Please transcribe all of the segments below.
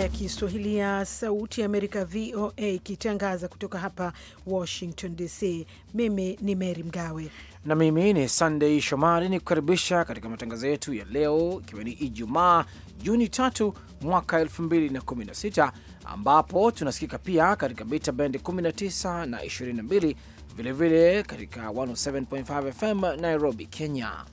ya Kiswahili ya Sauti ya Amerika, VOA, ikitangaza kutoka hapa Washington DC. Mimi ni Mary Mgawe na mimi ni Sandey Shomari, ni kukaribisha katika matangazo yetu ya leo, ikiwa ni Ijumaa Juni 3 mwaka 2016 ambapo tunasikika pia katika bita bend 19 na 22, vilevile katika 107.5 FM Nairobi, Kenya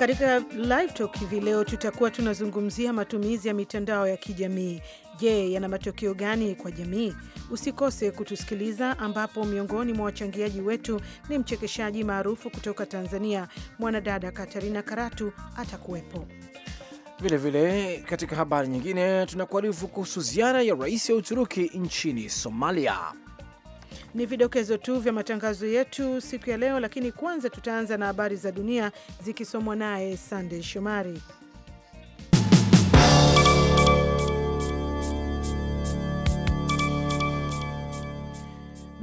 Katika live talk hivi leo tutakuwa tunazungumzia matumizi ya mitandao ya kijamii. Je, yana matokeo gani kwa jamii? Usikose kutusikiliza, ambapo miongoni mwa wachangiaji wetu ni mchekeshaji maarufu kutoka Tanzania, mwanadada Katarina Karatu atakuwepo. Vilevile katika habari nyingine, tunakuarifu kuhusu ziara ya rais wa Uturuki nchini Somalia. Ni vidokezo tu vya matangazo yetu siku ya leo, lakini kwanza tutaanza na habari za dunia zikisomwa naye Sandey Shomari.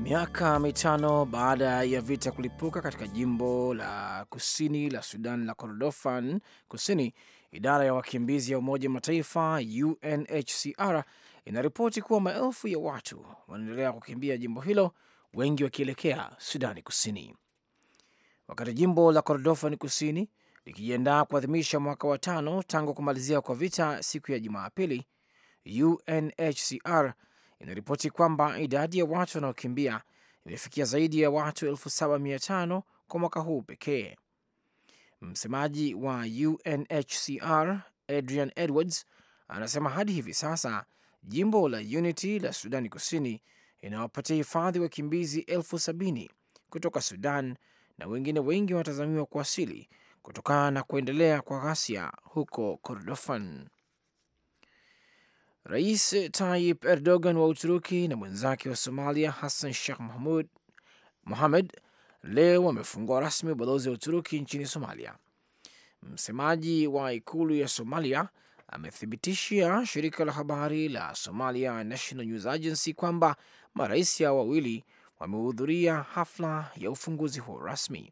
Miaka mitano baada ya vita kulipuka katika jimbo la kusini la Sudan la Kordofan Kusini, idara ya wakimbizi ya Umoja Mataifa UNHCR inaripoti kuwa maelfu ya watu wanaendelea kukimbia jimbo hilo, wengi wakielekea Sudani Kusini. Wakati jimbo la Kordofan Kusini likijiandaa kuadhimisha mwaka wa tano tangu kumalizia kwa vita siku ya Jumapili, UNHCR inaripoti kwamba idadi ya watu wanaokimbia imefikia zaidi ya watu 7500 kwa mwaka huu pekee. Msemaji wa UNHCR Adrian Edwards anasema hadi hivi sasa Jimbo la Unity la Sudani Kusini inawapatia hifadhi wakimbizi elfu sabini kutoka Sudan na wengine wengi wanatazamiwa kuwasili kutokana na kuendelea kwa ghasia huko Kordofan. Rais Tayyip Erdogan wa Uturuki na mwenzake wa Somalia Hassan Sheikh Mahmud Mohamed leo wamefungua rasmi ubalozi wa Uturuki nchini Somalia. Msemaji wa ikulu ya Somalia amethibitisha shirika la habari la Somalia National News Agency kwamba marais hao wawili wamehudhuria hafla ya ufunguzi huo rasmi.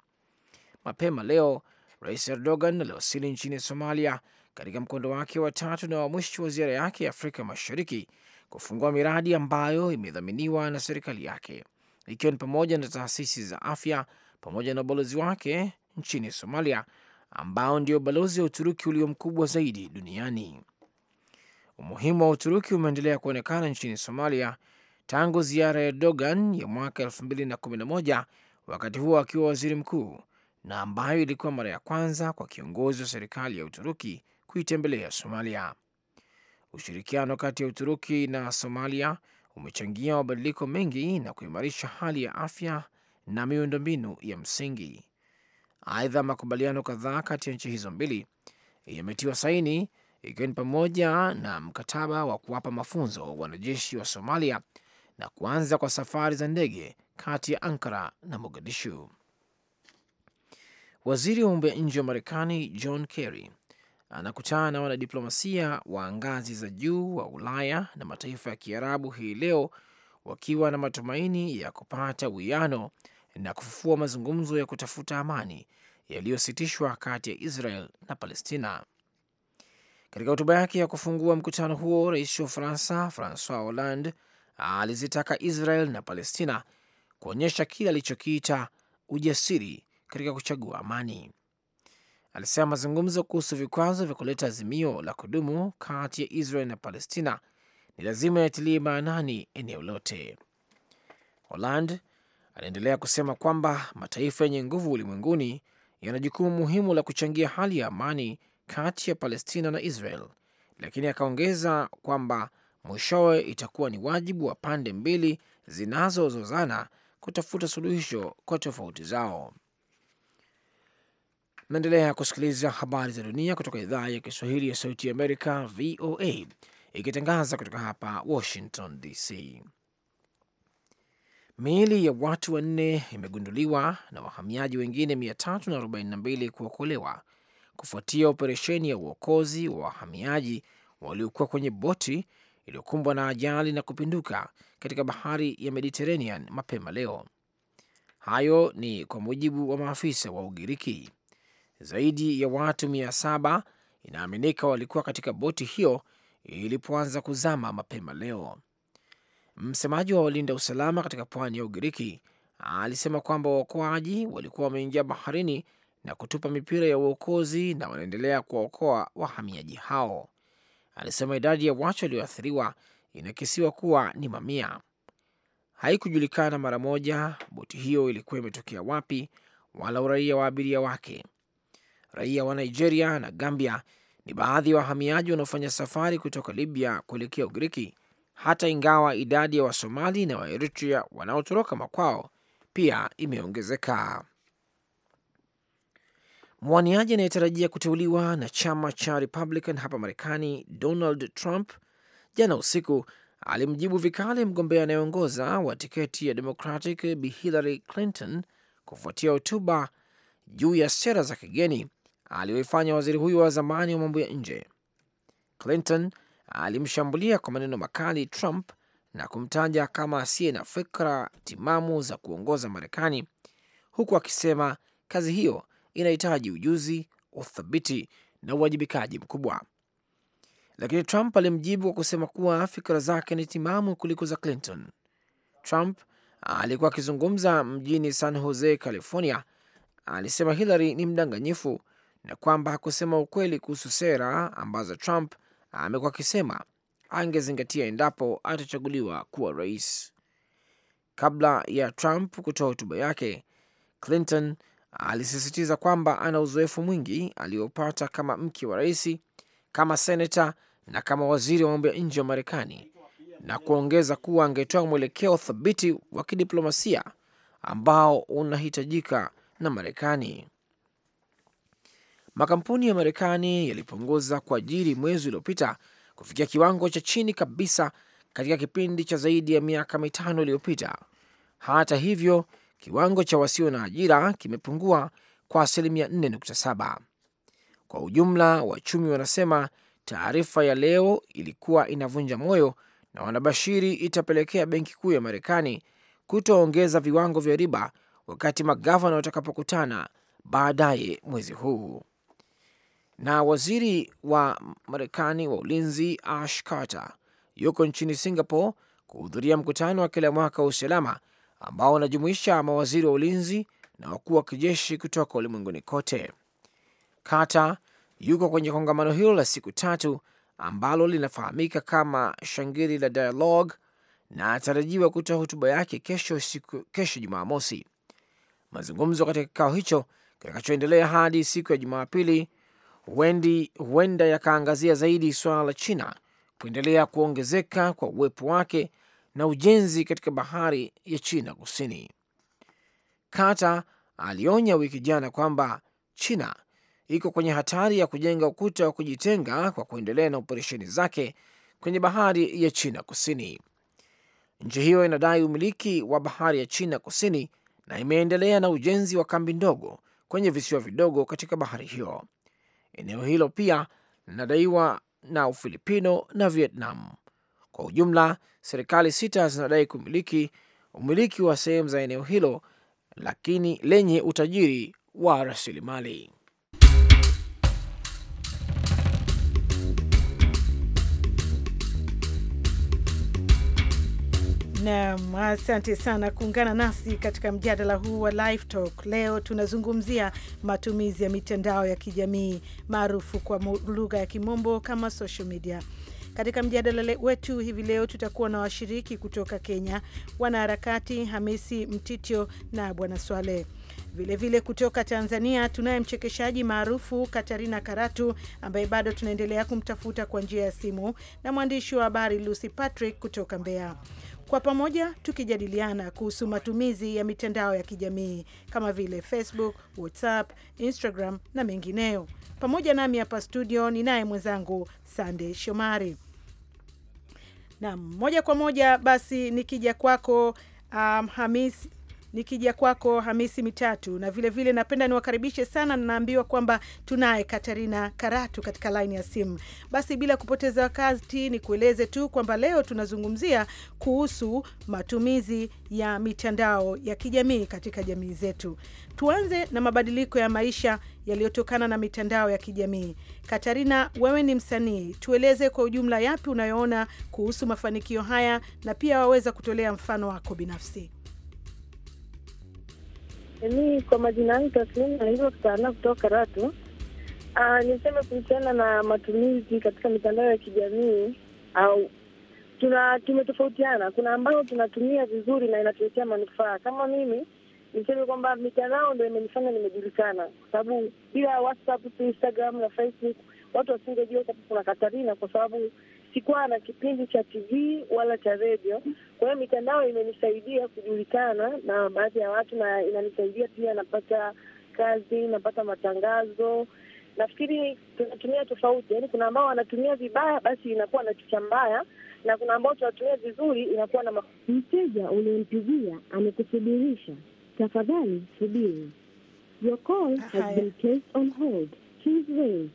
Mapema leo Rais Erdogan aliwasili nchini Somalia katika mkondo wake wa tatu na wa mwisho wa ziara yake ya Afrika Mashariki kufungua miradi ambayo imedhaminiwa na serikali yake ikiwa ni pamoja na taasisi za afya pamoja na ubalozi wake nchini Somalia ambao ndio balozi wa Uturuki ulio mkubwa zaidi duniani. Umuhimu wa Uturuki umeendelea kuonekana nchini Somalia tangu ziara ya Erdogan ya mwaka 2011 wakati huo akiwa waziri mkuu, na ambayo ilikuwa mara ya kwanza kwa kiongozi wa serikali ya Uturuki kuitembelea Somalia. Ushirikiano kati ya Uturuki na Somalia umechangia mabadiliko mengi na kuimarisha hali ya afya na miundombinu ya msingi. Aidha, makubaliano kadhaa kati ya nchi hizo mbili yametiwa saini ikiwa ni pamoja na mkataba wa kuwapa mafunzo wanajeshi wa Somalia na kuanza kwa safari za ndege kati ya Ankara na Mogadishu. Waziri wa mambo ya nje wa Marekani John Kerry anakutana na wanadiplomasia wa ngazi za juu wa Ulaya na mataifa ya Kiarabu hii leo wakiwa na matumaini ya kupata uwiano na kufufua mazungumzo ya kutafuta amani yaliyositishwa kati ya Israel na Palestina. Katika hotuba yake ya kufungua mkutano huo, rais wa Ufaransa Francois Hollande alizitaka Israel na Palestina kuonyesha kile alichokiita ujasiri katika kuchagua amani. Alisema mazungumzo kuhusu vikwazo vya kuleta azimio la kudumu kati ya Israel na Palestina ni lazima yatilie maanani eneo lote. Hollande Anaendelea kusema kwamba mataifa yenye nguvu ulimwenguni yana jukumu muhimu la kuchangia hali ya amani kati ya Palestina na Israel, lakini akaongeza kwamba mwishowe itakuwa ni wajibu wa pande mbili zinazozozana kutafuta suluhisho kwa tofauti zao. Naendelea kusikiliza habari za dunia kutoka idhaa ya Kiswahili ya Sauti ya Amerika, VOA, ikitangaza kutoka hapa Washington DC. Miili ya watu wanne imegunduliwa na wahamiaji wengine 342 kuokolewa kufuatia operesheni ya uokozi wa wahamiaji waliokuwa kwenye boti iliyokumbwa na ajali na kupinduka katika bahari ya Mediterranean mapema leo. Hayo ni kwa mujibu wa maafisa wa Ugiriki. Zaidi ya watu mia saba inaaminika walikuwa katika boti hiyo ilipoanza kuzama mapema leo. Msemaji wa walinda usalama katika pwani ya Ugiriki alisema kwamba waokoaji walikuwa wameingia baharini na kutupa mipira ya uokozi na wanaendelea kuwaokoa wahamiaji hao. Alisema idadi ya watu walioathiriwa inakisiwa kuwa ni mamia. Haikujulikana mara moja boti hiyo ilikuwa imetokea wapi wala uraia wa abiria wake. Raia wa Nigeria na Gambia ni baadhi ya wa wahamiaji wanaofanya safari kutoka Libya kuelekea Ugiriki hata ingawa idadi ya Wasomali na Waeritrea wanaotoroka makwao pia imeongezeka. Mwaniaji anayetarajia kuteuliwa na chama cha Republican hapa Marekani, Donald Trump, jana usiku alimjibu vikali mgombea anayeongoza wa tiketi ya Democratic Bi Hillary Clinton kufuatia hotuba juu ya sera za kigeni aliyoifanya waziri huyo wa zamani wa mambo ya nje. Clinton alimshambulia kwa maneno makali Trump na kumtaja kama asiye na fikra timamu za kuongoza Marekani, huku akisema kazi hiyo inahitaji ujuzi, uthabiti na uwajibikaji mkubwa. Lakini Trump alimjibu kwa kusema kuwa fikra zake ni timamu kuliko za Clinton. Trump alikuwa akizungumza mjini San Jose, California. Alisema Hillary ni mdanganyifu na kwamba hakusema ukweli kuhusu sera ambazo Trump amekuwa akisema angezingatia endapo atachaguliwa kuwa rais. Kabla ya Trump kutoa hotuba yake, Clinton alisisitiza kwamba ana uzoefu mwingi aliopata kama mke wa rais, kama senata na kama waziri wa mambo ya nje wa Marekani, na kuongeza kuwa angetoa mwelekeo thabiti wa kidiplomasia ambao unahitajika na Marekani makampuni ya Marekani yalipunguza kuajiri mwezi uliopita kufikia kiwango cha chini kabisa katika kipindi cha zaidi ya miaka mitano iliyopita. Hata hivyo, kiwango cha wasio na ajira kimepungua kwa asilimia 4.7. Kwa ujumla, wachumi wanasema taarifa ya leo ilikuwa inavunja moyo na wanabashiri itapelekea benki kuu ya Marekani kutoongeza viwango vya riba wakati magavana watakapokutana baadaye mwezi huu. Na waziri wa Marekani wa ulinzi Ash Carter yuko nchini Singapore kuhudhuria mkutano wa kila mwaka wa usalama ambao unajumuisha mawaziri wa ulinzi na wakuu wa kijeshi kutoka ulimwenguni kote. Carter yuko kwenye kongamano hilo la siku tatu ambalo linafahamika kama Shangiri la Dialogue na atarajiwa kutoa hotuba yake kesho, siku, kesho Jumamosi. Mazungumzo katika kikao hicho kitakachoendelea hadi siku ya Jumapili Wendi huenda yakaangazia zaidi suala la China kuendelea kuongezeka kwa uwepo wake na ujenzi katika bahari ya China Kusini. kata alionya wiki jana kwamba China iko kwenye hatari ya kujenga ukuta wa kujitenga kwa kuendelea na operesheni zake kwenye bahari ya China Kusini. Nchi hiyo inadai umiliki wa bahari ya China Kusini na imeendelea na ujenzi wa kambi ndogo kwenye visiwa vidogo katika bahari hiyo. Eneo hilo pia linadaiwa na Ufilipino na Vietnam. Kwa ujumla, serikali sita zinadai kumiliki umiliki wa sehemu za eneo hilo lakini lenye utajiri wa rasilimali. Naam, asante sana kuungana nasi katika mjadala huu wa Live Talk. Leo tunazungumzia matumizi ya mitandao ya kijamii maarufu kwa lugha ya kimombo kama social media. Katika mjadala wetu hivi leo tutakuwa na washiriki kutoka Kenya, wanaharakati Hamisi Mtitio na Bwana Swale. Vilevile kutoka Tanzania tunaye mchekeshaji maarufu Katarina Karatu ambaye bado tunaendelea kumtafuta kwa njia ya simu, na mwandishi wa habari Lucy Patrick kutoka Mbeya kwa pamoja tukijadiliana kuhusu matumizi ya mitandao ya kijamii kama vile Facebook, WhatsApp, Instagram na mengineyo. Pamoja nami hapa studio ni naye mwenzangu Sandey Shomari. Naam, moja kwa moja basi nikija kwako, um, Hamis nikija kwako Hamisi Mitatu, na vilevile vile napenda niwakaribishe sana. Naambiwa kwamba tunaye Katarina Karatu katika laini ya simu. Basi bila kupoteza wakati, ni kueleze tu kwamba leo tunazungumzia kuhusu matumizi ya mitandao ya kijamii katika jamii zetu. Tuanze na mabadiliko ya maisha yaliyotokana na mitandao ya kijamii. Katarina, wewe ni msanii, tueleze kwa ujumla yapi unayoona kuhusu mafanikio haya na pia waweza kutolea mfano wako binafsi. Mimi kwa majina yangu taslimu naitwa Sana kutoka Karatu. Ah, niseme kuhusiana na matumizi katika mitandao ya kijamii au tuna tumetofautiana. Kuna ambayo tunatumia vizuri na inatuletea manufaa. Kama mimi niseme kwamba mitandao ndio imenifanya nimejulikana, kwa sababu bila WhatsApp, Instagram na Facebook watu wasingejua kuna Katarina, kwa sababu sikuwa na kipindi cha TV wala cha redio. Kwa hiyo mitandao imenisaidia kujulikana na baadhi ya watu, na inanisaidia pia, napata kazi, napata matangazo. Nafikiri tunatumia tofauti, yaani kuna ambao wanatumia vibaya, basi inakuwa na picha mbaya, na kuna ambao tunatumia vizuri, inakuwa na mteja. Uliyempigia amekusubirisha, tafadhali subiri. Your call has been placed on hold. Please wait.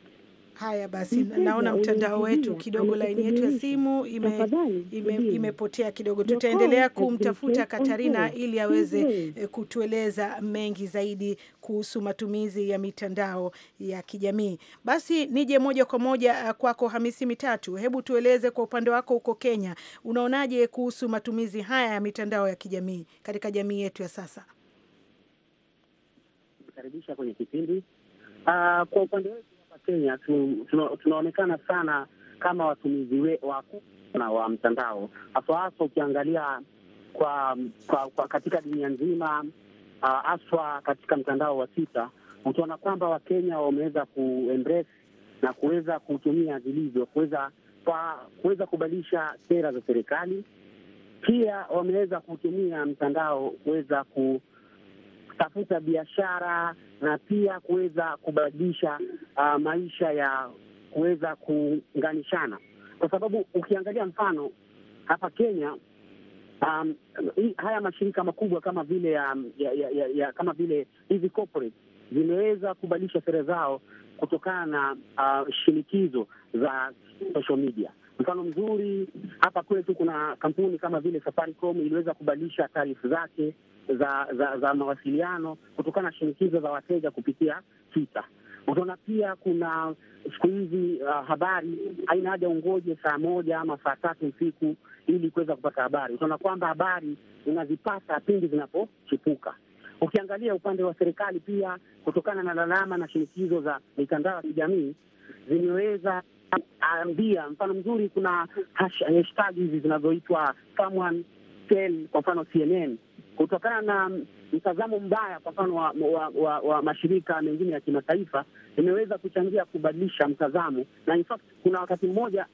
Haya basi, naona yaani mtandao wetu kidogo, laini yetu ya simu ime, ime, imepotea kidogo. Tutaendelea kumtafuta Katarina ili aweze eh, kutueleza mengi zaidi kuhusu matumizi ya mitandao ya kijamii. Basi nije moja kwa moja eh, kwako Hamisi Mitatu, hebu tueleze kwa upande wako huko Kenya, unaonaje kuhusu matumizi haya ya mitandao ya kijamii katika jamii yetu ya sasa? Karibisha kwenye kipindi. Uh, kwa upande wetu Kenya tunaonekana sana kama watumizi wakubwa wa mtandao, haswa haswa ukiangalia kwa, kwa, kwa katika dunia nzima ah, haswa uh, katika mtandao wa Twitter utaona kwamba Wakenya wameweza kuembrace na kuweza kutumia vilivyo kuweza kuweza kubadilisha sera za serikali. Pia wameweza kutumia mtandao kuweza ku, kutafuta biashara na pia kuweza kubadilisha uh, maisha ya kuweza kuunganishana, kwa sababu ukiangalia mfano hapa Kenya um, hi, haya mashirika makubwa kama vile ya, um, ya, ya, ya, ya, kama vile hizi corporate zimeweza kubadilisha sera zao kutokana na uh, shinikizo za social media. Mfano mzuri hapa kwetu kuna kampuni kama vile Safaricom iliweza kubadilisha taarifu zake za, za, za mawasiliano kutokana na shinikizo za wateja kupitia Twitter. Utaona pia kuna siku hizi uh, habari haina haja ungoje saa moja ama saa tatu usiku ili kuweza kupata habari. Utaona kwamba habari unazipata pindi zinapochipuka. Ukiangalia upande wa serikali pia, kutokana na lalama na shinikizo za mitandao ya kijamii zimeweza ambia, mfano mzuri, kuna hashtag hizi zinazoitwa someone tell, kwa mfano CNN kutokana na mtazamo mbaya kwa mfano wa, wa, wa, wa mashirika mengine ya kimataifa imeweza kuchangia kubadilisha mtazamo, na in fact kuna wakati mmoja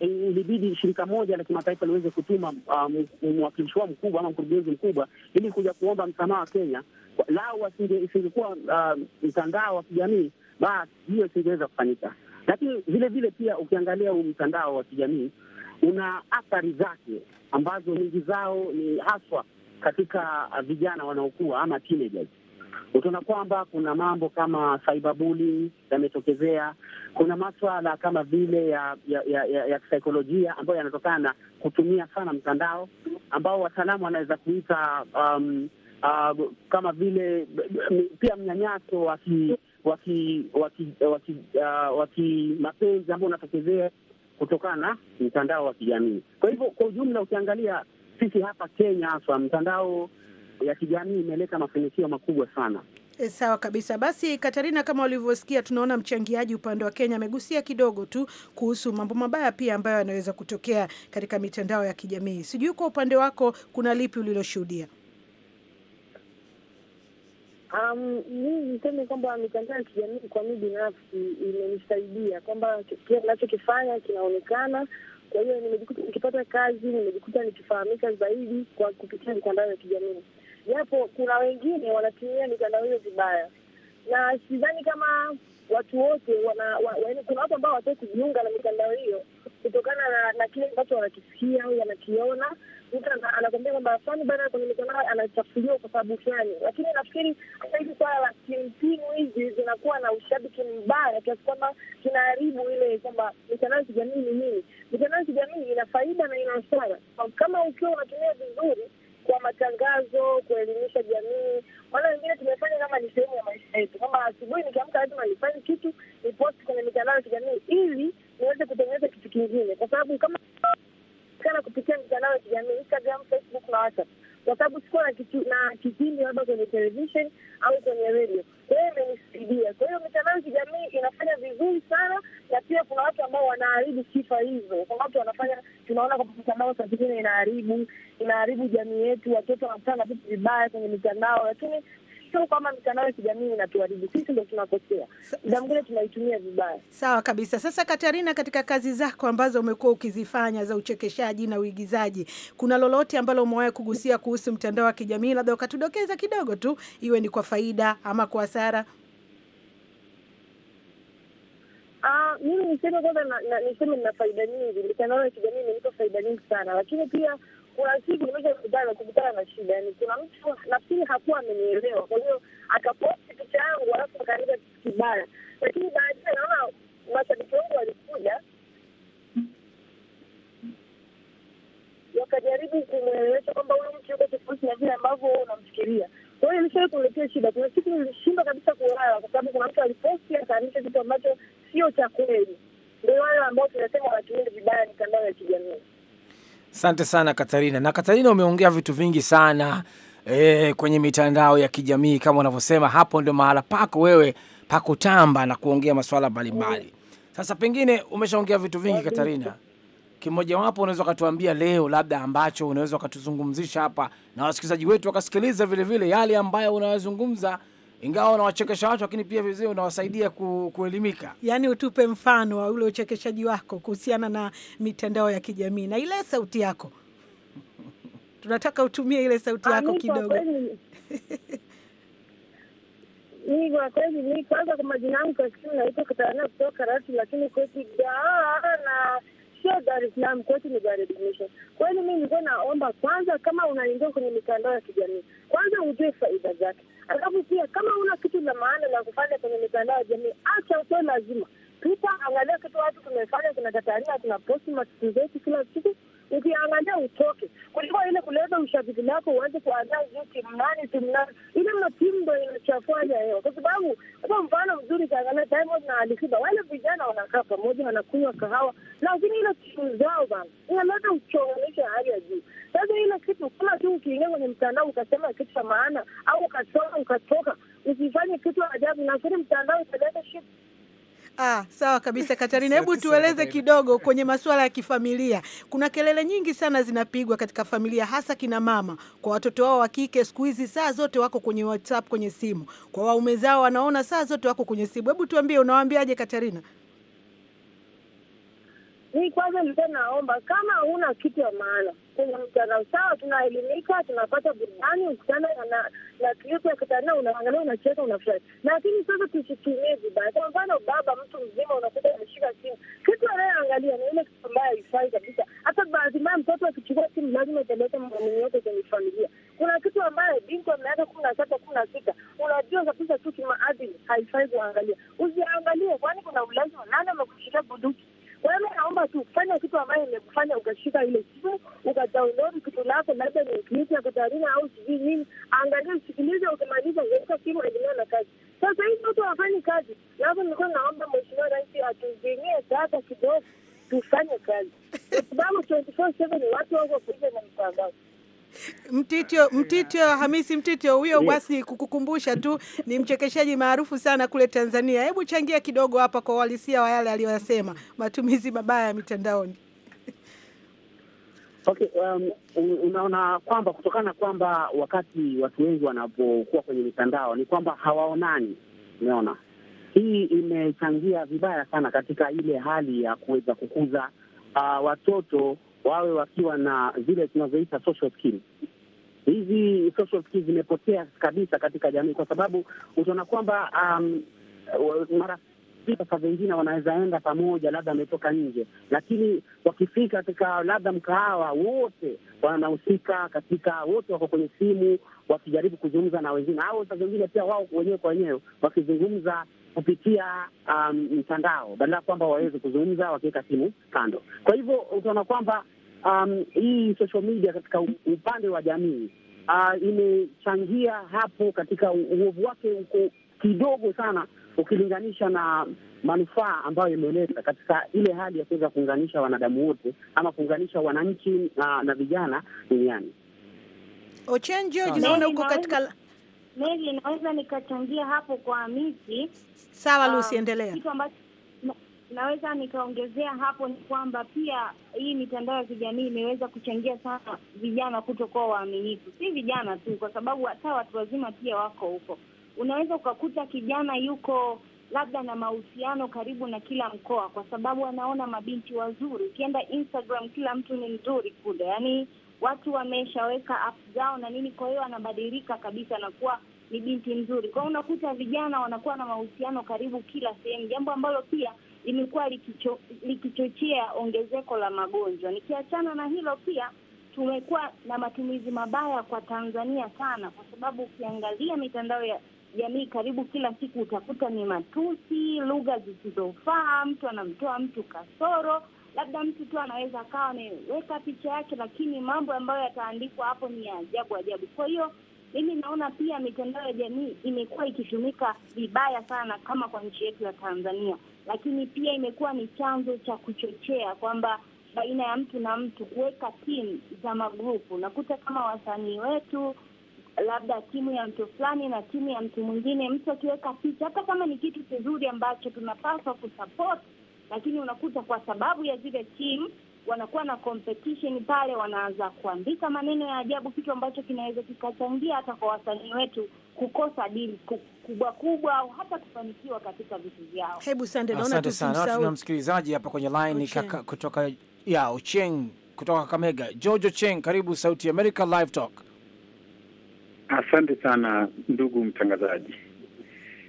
eh, ilibidi shirika moja la kimataifa liweze kutuma um, mwakilishi wao mkubwa ama mkurugenzi mkubwa ili kuja kuomba msamaha wa Kenya. Lau isingekuwa um, mtandao wa kijamii, basi hiyo isingeweza kufanyika. Lakini vile vile pia ukiangalia huu mtandao wa kijamii una athari zake ambazo nyingi zao ni haswa katika vijana wanaokuwa ama teenagers. Utaona kwamba kuna mambo kama cyberbullying yametokezea, kuna maswala kama vile ya ya, ya, ya, ya kisaikolojia ambayo yanatokana na kutumia sana mtandao ambao wataalamu wanaweza kuita um, uh, kama vile pia mnyanyaso waki waki waki waki, uh, waki mapenzi ambao unatokezea kutokana na mtandao wa kijamii. Kwa hivyo, kwa ujumla, ukiangalia sisi hapa Kenya hasa mtandao ya kijamii imeleta mafanikio makubwa sana. E, sawa kabisa. Basi Katarina, kama ulivyosikia, tunaona mchangiaji upande wa Kenya amegusia kidogo tu kuhusu mambo mabaya pia ambayo yanaweza kutokea katika mitandao ya kijamii. Sijui kwa upande wako kuna lipi uliloshuhudia? Um, mii niseme kwamba mitandao ya kijamii kwa mii binafsi imenisaidia kwamba kile kinachokifanya kinaonekana kwa hiyo nimejikuta nikipata kazi, nimejikuta nikifahamika zaidi kwa kupitia mitandao ya kijamii, japo kuna wengine wanatumia mitandao hiyo vibaya, na sidhani kama watu wote wana, wa, wa, kuna watu ambao hawataki kujiunga na mitandao hiyo kutokana na, na kile ambacho wanakisikia au wanakiona. Mtu anakuambia kwamba fani bana ya naye anachafuliwa kwa sababu fulani, lakini nafikiri hata hizi swala la timu hizi zinakuwa na ushabiki mbaya kiasi kwamba kinaharibu ile kwamba mitandao ya kijamii ni nini. Mitandao ya kijamii ina faida na ina hasara. Kama ukiwa unatumia vizuri kwa matangazo, kuelimisha jamii. Maana wengine tumefanya kama ni sehemu ya maisha yetu, kwamba asubuhi nikiamka lazima nifanye kitu, sababu kama sana kupitia mitandao ya kijamii Instagram, Facebook na WhatsApp, kwa sababu sikuwa na kipindi labda kwenye television au kwenye radio. Kwa hiyo imenisaidia. Kwa hiyo mitandao ya kijamii inafanya vizuri sana, na pia kuna watu ambao wanaharibu sifa hizo. Kwa watu wanafanya, tunaona kwa mitandao saa zingine inaharibu inaharibu jamii yetu, watoto wanakutana na vitu vibaya kwenye mitandao, lakini sio kwamba mitandao ya kijamii inatuharibu sisi, ndo tunakosea muda mwingine tunaitumia vibaya. Sawa kabisa. Sasa Katarina, katika kazi zako ambazo umekuwa ukizifanya za uchekeshaji na uigizaji, kuna lolote ambalo umewahi kugusia kuhusu mtandao wa kijamii, labda ukatudokeza kidogo tu, iwe ni kwa faida ama kwa hasara? Uh, mimi niseme kwanza, niseme nina faida nyingi. Mitandao ya kijamii imenipa faida nyingi sana, lakini pia kuna siku nimeshakutana kukutana na shida, yani kuna mtu nafikiri hakuwa amenielewa, kwa hiyo akaposti picha yangu alafu akaandika kitu kibaya, lakini baadaye naona mashabiki wangu walikuja wakajaribu kumwelewesha kwamba huyu mtu yuko tofauti na vile ambavyo unamfikiria. Kwa hiyo ilishawai shida. Kuna siku nilishindwa kabisa kulala, kwa sababu kuna mtu aliposti akaandika kitu ambacho sio cha kweli. Ndio wale ambao tunasema wanatumia vibaya mitandao ya kijamii. Asante sana Katarina. Na Katarina, umeongea vitu vingi sana e, kwenye mitandao ya kijamii kama unavyosema hapo, ndio mahala pako wewe pakutamba na kuongea masuala mbalimbali. Sasa pengine umeshaongea vitu vingi Katarina, kimojawapo unaweza ukatuambia leo labda ambacho unaweza ukatuzungumzisha hapa na wasikilizaji wetu wakasikiliza vilevile yale ambayo unayazungumza ingawa unawachekesha watu, lakini pia vizuri unawasaidia ku, kuelimika. Yaani utupe mfano wa ule uchekeshaji wako kuhusiana na mitandao ya kijamii na ile sauti yako tunataka utumie ile sauti yako kidogo. Mi kwa kweli, mi kwanza kwa majina yangu Kassim naitwa Katarina kutoka lakini kwetu na sio Dar es Salaam, kwetu ni Dar es Salaam. Kweli mi nilikuwa naomba kwanza, kama unaingia kwenye mitandao ya kijamii, kwanza ujue faida zake Alafu pia kama una kitu la maana la kufanya kwenye mitandao ya jamii, acha usio lazima pita, angalia kitu watu tumefanya, tunakatalia, posti matutu zetu kila siku ukiangalia utoke, kuliko ile kuleta ushabiki lako uanze kuandaa juu timu nani timu nani. Ile matimu ndo inachafanya hewa, kwa sababu kama mfano mzuri kiangalia Diamond na Alikiba, wale vijana wanakaa pamoja, wanakunywa kahawa, lakini ile timu zao bana inaleta ya hali ya juu. Sasa ile kitu kama tu ukiingia kwenye mtandao ukasema kitu cha maana au ukasoma ukatoka, usifanye kitu ajabu, nafiri mtandao italeta shida. Ah, sawa kabisa Katarina, hebu tueleze kidogo kwenye masuala ya kifamilia. Kuna kelele nyingi sana zinapigwa katika familia, hasa kina mama kwa watoto wao wa kike. Siku hizi saa zote wako kwenye WhatsApp, kwenye simu, kwa waume zao wanaona saa zote wako kwenye simu. Hebu tuambie, unawaambiaje Katarina? Mi kwanza nilikuwa naomba kama huna kitu ya maana kwenye mtandao, sawa, tunaelimika, tunapata burudani, ukutana na klipu ya kitandao, unaangalia, unacheka, unafurahi. Lakini sasa tusitumie vibaya. Kwa mfano, baba mtu mzima unakuta ameshika simu, kitu anayeangalia ni ile kitu ambayo haifai kabisa. Hata bahati mbaya, mtoto akichukua simu lazima ataleta mwamini yote kwenye familia. Kuna kitu ambayo binti wa miaka kumi na saba kumi na sita unajua kabisa tu kimaadili haifai kuangalia, usiangalie, kwani kuna ulazima. Nani amekushika bunduki? kitu, fanya kitu ambayo imekufanya ukashika ile simu, ukadownload kitu lako, labda ni klipu ya kutarina au sijui nini, angalia, usikilize, ukimaliza uweka simu, endelea na kazi. Sasa hivi watu hawafanyi kazi, labda nilikuwa naomba Mheshimiwa Rais atuzingie data kidogo, tufanye kazi, kwa sababu 24/7 watu wako kuiza na mtandao. Mtitio, Mtitio Hamisi, Mtitio huyo basi kuku kumkumbusha tu ni mchekeshaji maarufu sana kule Tanzania. Hebu changia kidogo hapa kwa uhalisia wa yale aliyoyasema, matumizi mabaya ya mitandaoni. Okay, um, unaona kwamba kutokana kwamba wakati watu wengi wanapokuwa kwenye mitandao ni kwamba hawaonani, umeona hii imechangia vibaya sana katika ile hali ya kuweza kukuza uh, watoto wawe wakiwa na zile tunazoita social skills, hizi social skills zimepotea kabisa katika jamii, kwa sababu utaona kwamba um, mara sasa vengine wanaweza enda pamoja, labda ametoka nje, lakini wakifika katika labda mkahawa, wote wanahusika katika, wote wako kwenye simu wakijaribu kuzungumza na wengine, au saa zingine pia wao wenyewe kwa wenyewe wakizungumza kupitia um, mtandao um, badala ya kwamba waweze kuzungumza wakiweka simu kando. Kwa hivyo utaona kwamba um, hii social media katika upande wa jamii uh, imechangia hapo katika uovu wake uko kidogo sana ukilinganisha na manufaa ambayo yameeleza katika ile hali ya kuweza kuunganisha wanadamu wote ama kuunganisha wananchi na, na vijana duniani. katika meli, naweza nikachangia hapo kwa miti. Sawa, ah, Lucy, endelea. Kitu ambacho naweza nikaongezea hapo ni kwamba pia hii mitandao ya kijamii imeweza kuchangia sana vijana kutokuwa waaminifu. Si vijana tu, kwa sababu hata watu wazima pia wako huko. Unaweza ukakuta kijana yuko labda na mahusiano karibu na kila mkoa, kwa sababu anaona mabinti wazuri. Ukienda Instagram kila mtu ni mzuri kule, yaani watu wameshaweka app zao na nini, kwa hiyo anabadilika kabisa na kuwa ni binti mzuri. Kwa hiyo unakuta vijana wanakuwa na mahusiano karibu kila sehemu, jambo ambalo pia limekuwa likicho, likichochea ongezeko la magonjwa. Nikiachana na hilo, pia tumekuwa na matumizi mabaya kwa Tanzania sana, kwa sababu ukiangalia mitandao ya jamii karibu kila siku utakuta ni matusi, lugha zisizofaa, mtu anamtoa mtu kasoro. Labda mtu tu anaweza akawa ameweka picha yake, lakini mambo ambayo yataandikwa hapo ni ya ajabu ajabu. Kwa hiyo mimi naona pia mitandao ya jamii imekuwa ikitumika vibaya sana kama kwa nchi yetu ya Tanzania, lakini pia imekuwa ni chanzo cha kuchochea kwamba baina ya mtu na mtu kuweka timu za magrupu. Nakuta kama wasanii wetu labda timu ya mtu fulani na timu ya mtu mwingine, mtu akiweka picha, hata kama ni kitu kizuri ambacho tunapaswa kusupport, lakini unakuta kwa sababu ya zile timu wanakuwa na competition pale, wanaanza kuandika maneno ya ajabu, kitu ambacho kinaweza kikachangia hata kwa wasanii wetu kukosa dili kubwa kubwa au hata kufanikiwa katika vitu vyao. Hebu sande, naona tuna msikilizaji hapa kwenye line kaka, kutoka ya Ocheng kutoka Kakamega. Jojo Cheng, karibu Sauti America Live Talk. Asante sana ndugu mtangazaji.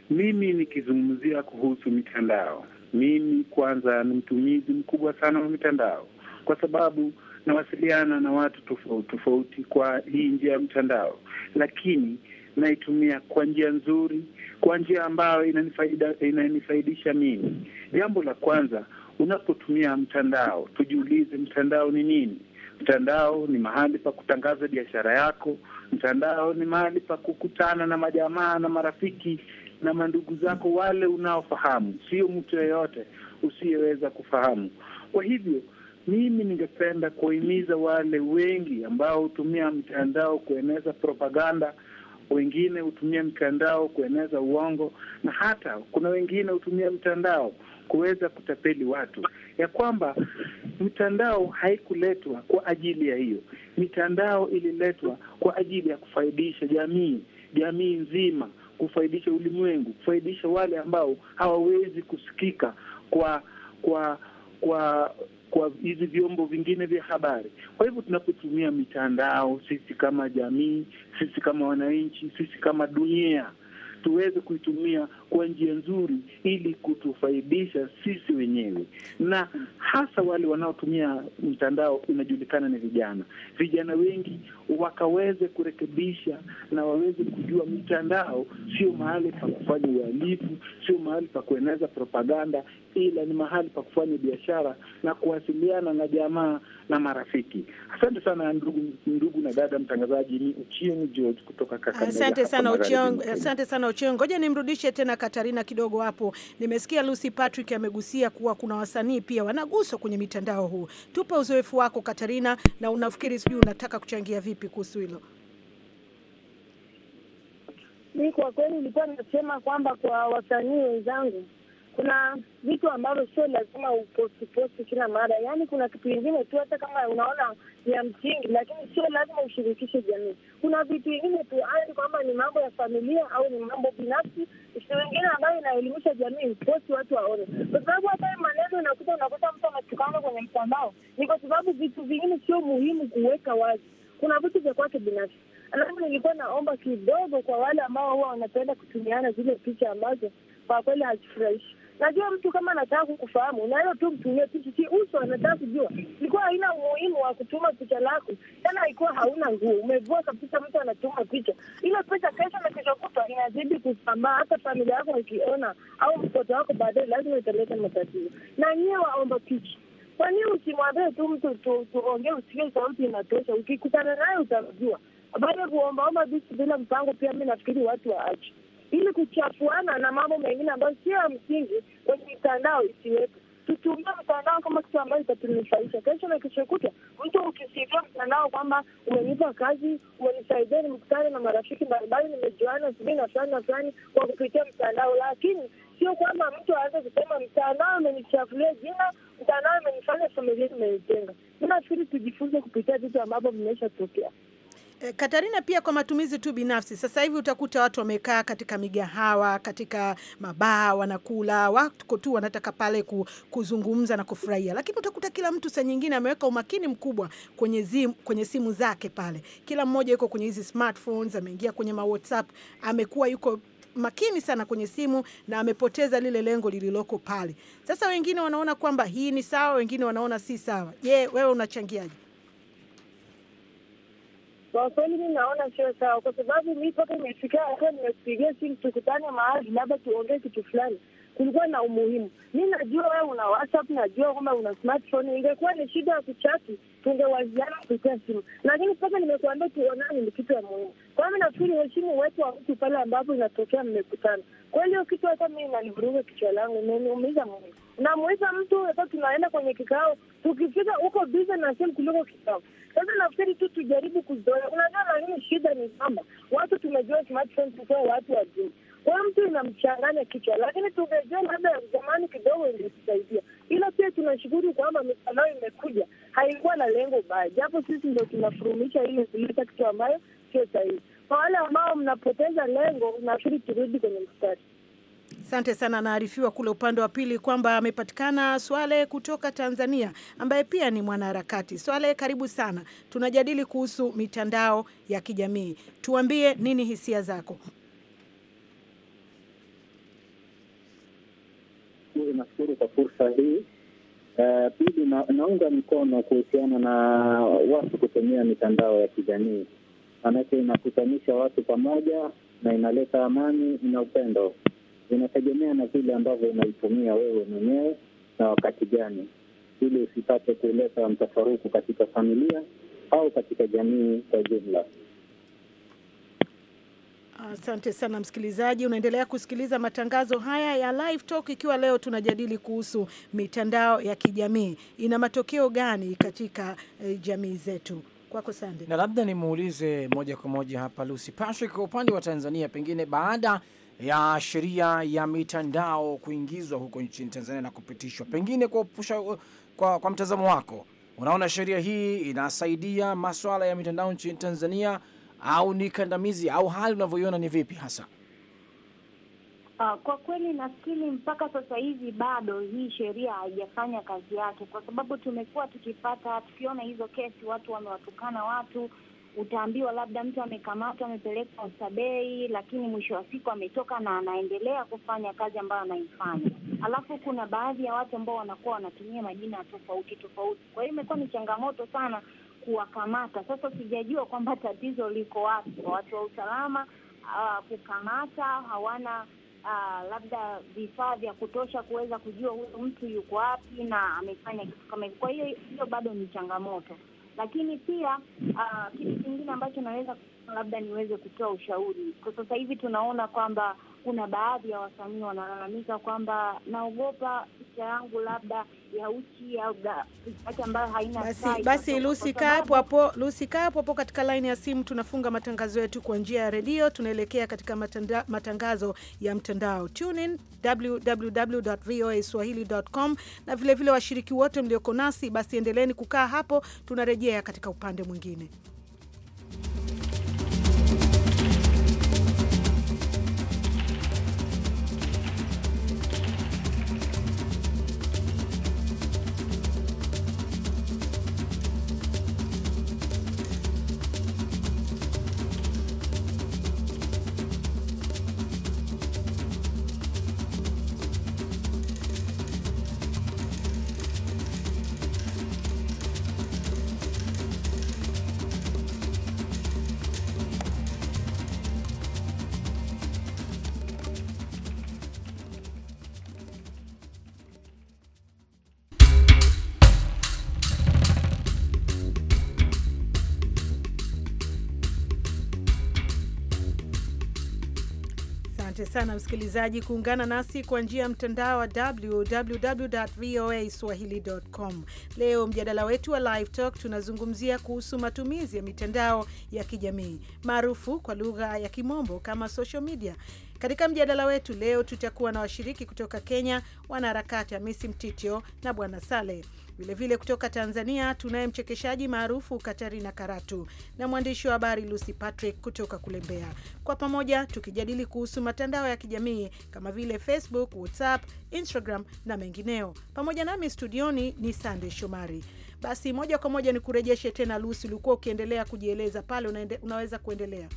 Mimi nikizungumzia kuhusu mitandao, mimi kwanza ni mtumizi mkubwa sana wa mitandao kwa sababu nawasiliana na watu tofauti tofauti kwa hii njia ya mtandao, lakini naitumia kwa njia nzuri, kwa njia ambayo inanifaida, inanifaidisha mimi. Jambo la kwanza, unapotumia mtandao, tujiulize mtandao ni nini? Mtandao ni mahali pa kutangaza biashara yako. Mtandao ni mahali pa kukutana na majamaa na marafiki na mandugu zako wale unaofahamu, sio mtu yeyote usiyeweza kufahamu. Kwa hivyo mimi ningependa kuhimiza wale wengi ambao hutumia mitandao kueneza propaganda, wengine hutumia mitandao kueneza uongo, na hata kuna wengine hutumia mitandao kuweza kutapeli watu, ya kwamba mitandao haikuletwa kwa ajili ya hiyo. Mitandao ililetwa kwa ajili ya kufaidisha jamii, jamii nzima, kufaidisha ulimwengu, kufaidisha wale ambao hawawezi kusikika kwa kwa kwa kwa hizi vyombo vingine vya habari. Kwa hivyo tunapotumia mitandao, sisi kama jamii, sisi kama wananchi, sisi kama dunia, tuweze kuitumia kwa njia nzuri, ili kutufaidisha sisi wenyewe, na hasa wale wanaotumia mtandao, inajulikana ni vijana. Vijana wengi wakaweze kurekebisha na waweze kujua mtandao sio mahali pa kufanya uhalifu, sio mahali pa kueneza propaganda, ila ni mahali pa kufanya biashara na kuwasiliana na jamaa na marafiki. Asante sana ndugu, ndugu na dada mtangazaji. Ni Uchieng George kutoka Kakamega. Asante sana Uchieng, asante sana Uchieng. Ngoja nimrudishe tena Katarina kidogo hapo, nimesikia Lucy Patrick amegusia kuwa kuna wasanii pia wanaguswa kwenye mitandao huu. Tupe uzoefu wako Katarina, na unafikiri sijui unataka kuchangia vipi kuhusu hilo? Mi kwa kweli nilikuwa nasema kwamba kwa wasanii wenzangu kuna vitu ambavyo sio lazima upostiposti kila mara. Yaani, kuna kitu ingine tu, hata kama unaona ya msingi, lakini sio lazima ushirikishe jamii. Kuna vitu vingine tu, kwamba ni mambo ya familia au ni mambo binafsi ni wengine ambayo inaelimisha jamii, uposi watu waone, kwa sababu hata maneno unakuta unakuta mtu anatukana kwenye mtandao, ni kwa sababu vitu vingine sio muhimu kuweka wazi. Kuna vitu vya kwake binafsi. Alafu nilikuwa naomba kidogo kwa wale ambao huwa wanapenda kutumiana zile picha ambazo kwa kweli hazifurahishi Najua mtu kama anataka kukufahamu, na hiyo tu mtumie kitu si uso, anataka kujua. Ilikuwa haina umuhimu wa kutuma picha lako, tena ilikuwa hauna nguo, umevua kabisa, mtu anatuma picha. Ile pesa kesho na kesho kutwa inazidi kusambaa, hata familia yako ikiona au mtoto wako baadaye, lazima italeta matatizo. Na nyiwe waomba picha kwa nini usimwambie tu mtu tuongee, usikie sauti inatosha. Ukikutana naye utajua Baada ya kuombaomba bila mpango, pia mi nafikiri watu waache ili kuchafuana na mambo mengine ambayo sio ya msingi kwenye mitandao isiwepo. Tutumia mtandao kama kitu ambayo itatunufaisha kesho na kesho kutwa. Mtu ukisifia mtandao kwamba umenipa kazi, umenisaidia, nimekutana na marafiki mbalimbali, nimejuana sijui na fulani na fulani kwa kupitia mtandao, lakini sio kwamba mtu aanze kusema mtandao amenichafulia jina, mtandao amenifanya familia imenitenga. Mi nafikiri tujifunze kupitia vitu ambavyo vimeisha tokea. Eh, Katarina, pia kwa matumizi tu binafsi. Sasa hivi utakuta watu wamekaa katika migahawa, katika mabaa, wanakula, wako tu wanataka pale kuzungumza na kufurahia, lakini utakuta kila mtu saa nyingine ameweka umakini mkubwa kwenye, zim, kwenye simu zake pale. Kila mmoja yuko kwenye hizi smartphones, ameingia kwenye ma WhatsApp, amekuwa yuko makini sana kwenye simu na amepoteza lile lengo lililoko pale. Sasa wengine wanaona kwamba hii ni sawa, wengine wanaona si sawa. Je, wewe unachangiaje? Kwa kweli mi naona sio sawa, kwa sababu mi paka imefikia hata nimekupigia simu tukutane mahali, labda tuongee kitu fulani, kulikuwa na umuhimu. Mi najua wewe una WhatsApp, najua kwamba una smartphone. Ingekuwa ni shida ya kuchati, tungewaziana kupitia simu, lakini paka nimekuambia tuonane, ni kitu ya muhimu. Kwa mi nafikiri heshimu uwepo wa mtu pale ambapo inatokea mmekutana. Kweli hiyo kitu hata mi inanivuruga kichwa langu, imeniumiza mwili namuita mtu sa tunaenda kwenye kikao, tukifika huko bize na simu kuliko kikao. Sasa nafikiri tu tujaribu kuzoea. Unajua nanini, shida ni kwamba watu tumejua smartphone tukiwa watu wa juu, kwa mtu inamchanganya kichwa, lakini tungejua labda ya zamani kidogo ingetusaidia. Ila pia tunashukuru kwamba mitandao imekuja, haikuwa na lengo baya, japo sisi ndo tunafurumisha ili kuleta kitu ambayo sio sahihi. Kwa wale ambao mnapoteza lengo, nafikiri turudi kwenye mstari. Asante sana. Anaarifiwa kule upande wa pili kwamba amepatikana Swale kutoka Tanzania, ambaye pia ni mwanaharakati. Swale, karibu sana. Tunajadili kuhusu mitandao ya kijamii, tuambie nini hisia zako? Nashukuru kwa fursa hii. Uh, pili na, naunga mkono kuhusiana na watu kutumia mitandao ya kijamii, manake inakutanisha watu pamoja na inaleta amani na upendo zinategemea na vile ambavyo unaitumia wewe mwenyewe na wakati gani, ili usipate kuleta mtafaruku katika familia au katika jamii kwa jumla. Asante sana msikilizaji, unaendelea kusikiliza matangazo haya ya Live Talk, ikiwa leo tunajadili kuhusu mitandao ya kijamii ina matokeo gani katika eh, jamii zetu. Kwako Sande, na labda nimuulize moja kwa moja hapa Lucy Patrick, kwa upande wa Tanzania, pengine baada ya sheria ya mitandao kuingizwa huko nchini Tanzania na kupitishwa, pengine kwa, kwa, kwa mtazamo wako, unaona sheria hii inasaidia maswala ya mitandao nchini Tanzania au ni kandamizi au hali unavyoiona ni vipi hasa? Ah, kwa kweli nafikiri mpaka sasa hivi bado hii sheria haijafanya kazi yake, kwa sababu tumekuwa tukipata tukiona hizo kesi, watu wamewatukana watu utaambiwa labda mtu amekamatwa amepelekwa Usabei, lakini mwisho wa siku ametoka na anaendelea kufanya kazi ambayo anaifanya. Alafu kuna baadhi ya watu ambao wanakuwa wanatumia majina tofauti tofauti, kwa hiyo imekuwa ni changamoto sana kuwakamata. Sasa sijajua kwamba tatizo liko wapi kwa watu wa usalama uh, kukamata hawana Uh, labda vifaa vya kutosha kuweza kujua huyu mtu yuko wapi na amefanya kitu kama hivi. Kwa hiyo hiyo bado ni changamoto lakini pia uh, kitu kingine ambacho naweza labda niweze kutoa ushauri. Kwa sasa hivi tunaona kwamba kuna baadhi ya wasanii wanalalamika kwamba naogopa picha yangu labda ya uchi au ambayo haina basi, basi kaa hapo hapo, kaa hapo hapo katika laini ya simu. Tunafunga matangazo yetu kwa njia ya redio, tunaelekea katika matanda, matangazo ya mtandao tune in www.voaswahili.com, na vilevile washiriki wote mlioko nasi, basi endeleni kukaa hapo, tunarejea katika upande mwingine. asante sana msikilizaji kuungana nasi kwa njia ya mtandao wa swahilicom Leo mjadala wetu wa Live Talk tunazungumzia kuhusu matumizi ya mitandao ya kijamii maarufu kwa lugha ya Kimombo kama social media katika mjadala wetu leo tutakuwa na washiriki kutoka Kenya, wanaharakati Hamisi Mtitio na Bwana Saleh. Vilevile kutoka Tanzania tunaye mchekeshaji maarufu Katarina Karatu na mwandishi wa habari Lucy Patrick kutoka kule Mbeya, kwa pamoja tukijadili kuhusu matandao ya kijamii kama vile Facebook, WhatsApp, Instagram na mengineo. Pamoja nami studioni ni Sande Shomari. Basi moja kwa moja ni kurejeshe tena, Lucy, ulikuwa ukiendelea kujieleza pale, unaweza kuendelea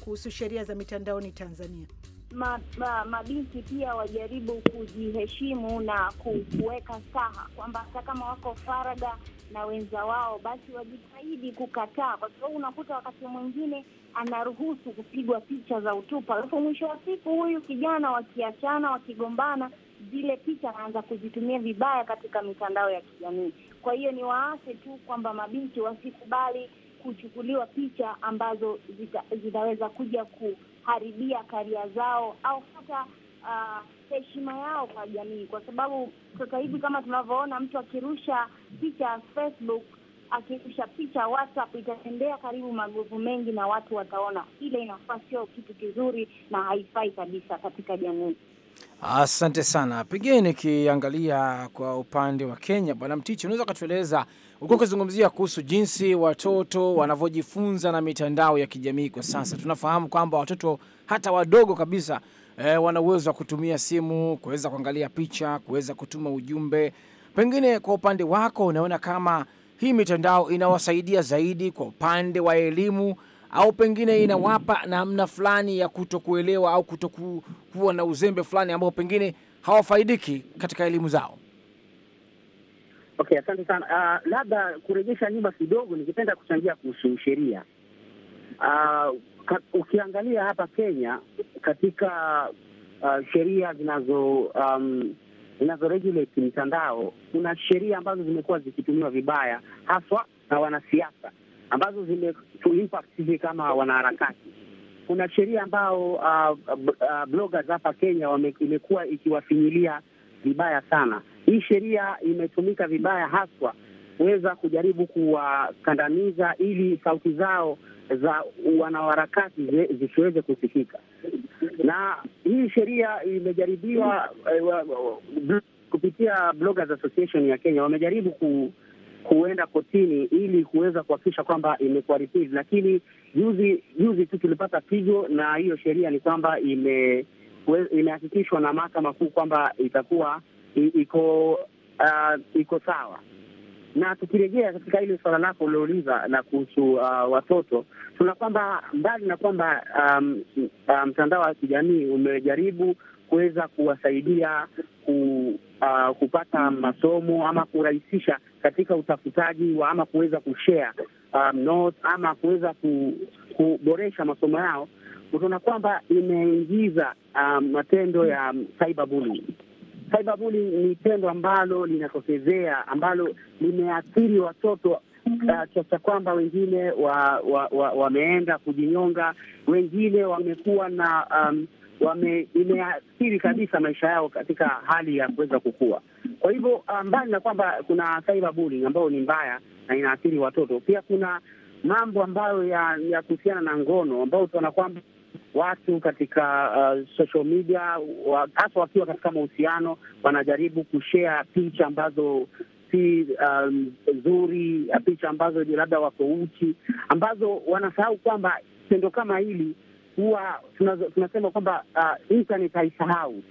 kuhusu sheria za mitandaoni Tanzania? Ma, ma, mabinti pia wajaribu kujiheshimu na kuweka saha kwamba hata kama wako faraga na wenza wao, basi wajitahidi kukataa, kwa sababu unakuta wakati mwingine anaruhusu kupigwa picha za utupa, alafu mwisho wa siku huyu kijana, wakiachana wakigombana, zile picha anaanza kuzitumia vibaya katika mitandao ya kijamii. Kwa hiyo ni waase tu kwamba mabinti wasikubali kuchukuliwa picha ambazo zita, zinaweza kuja kuharibia karia zao au hata ah, heshima yao kwa jamii, kwa sababu sasa hivi kama tunavyoona mtu akirusha picha Facebook, akirusha picha WhatsApp, itatembea karibu magovu mengi na watu wataona. Ile inafaa, sio kitu kizuri na haifai kabisa katika jamii. Asante sana. Pengine nikiangalia kwa upande wa Kenya, Bwana Mtichi, unaweza ukatueleza ulikuwa ukizungumzia kuhusu jinsi watoto wanavyojifunza na mitandao ya kijamii kwa sasa. Tunafahamu kwamba watoto hata wadogo kabisa e, wana uwezo wa kutumia simu kuweza kuangalia picha, kuweza kutuma ujumbe. Pengine kwa upande wako unaona kama hii mitandao inawasaidia zaidi kwa upande wa elimu au pengine inawapa namna fulani ya kutokuelewa au kutokuwa na uzembe fulani ambao pengine hawafaidiki katika elimu zao? Okay, asante sana. Uh, labda kurejesha nyumba kidogo, ningependa kuchangia kuhusu sheria. Uh, ukiangalia hapa Kenya katika uh, sheria zinazo um, zinazo regulate mitandao, kuna sheria ambazo zimekuwa zikitumiwa vibaya haswa na wanasiasa ambazo impact sisi kama wanaharakati. Kuna sheria ambao uh, uh, bloggers hapa Kenya imekuwa ikiwafinyilia vibaya sana hii sheria imetumika vibaya haswa kuweza kujaribu kuwakandamiza ili sauti zao za wanaharakati zisiweze kusikika, na hii sheria imejaribiwa eh, kupitia Bloggers Association ya Kenya. Wamejaribu ku, kuenda kotini ili kuweza kuhakikisha kwamba imekuwa lakini juzi juzi tu tulipata pigo na hiyo sheria ni kwamba ime imehakikishwa na mahakama kuu kwamba itakuwa iko uh, iko sawa. Na tukirejea katika ile suala lako uliouliza la kuhusu uh, watoto, tuna kwamba mbali na kwamba um, uh, mtandao um, um, wa kijamii umejaribu kuweza kuwasaidia ku, uh, kupata masomo ama kurahisisha katika utafutaji wa ama kuweza kushare um, notes ama kuweza ku, kuboresha masomo yao, utaona kwamba imeingiza um, matendo ya cyberbullying cyberbullying ni tendo ambalo linatokezea ambalo limeathiri watoto uh, kiasi cha kwamba wengine wameenda wa, wa, wa kujinyonga, wengine wamekuwa na um, wame, imeathiri kabisa maisha yao katika hali ya kuweza kukua. Kwa hivyo uh, mbali na kwamba kuna cyberbullying ambayo ni mbaya na inaathiri watoto, pia kuna mambo ambayo ya, ya kuhusiana na ngono ambayo tunaona kwamba watu katika uh, social media hasa wakiwa katika mahusiano wanajaribu kushea picha ambazo si um, nzuri, picha ambazo labda wako uchi, ambazo wanasahau kwamba tendo kama hili huwa tunasema kwamba uh, internet haisahau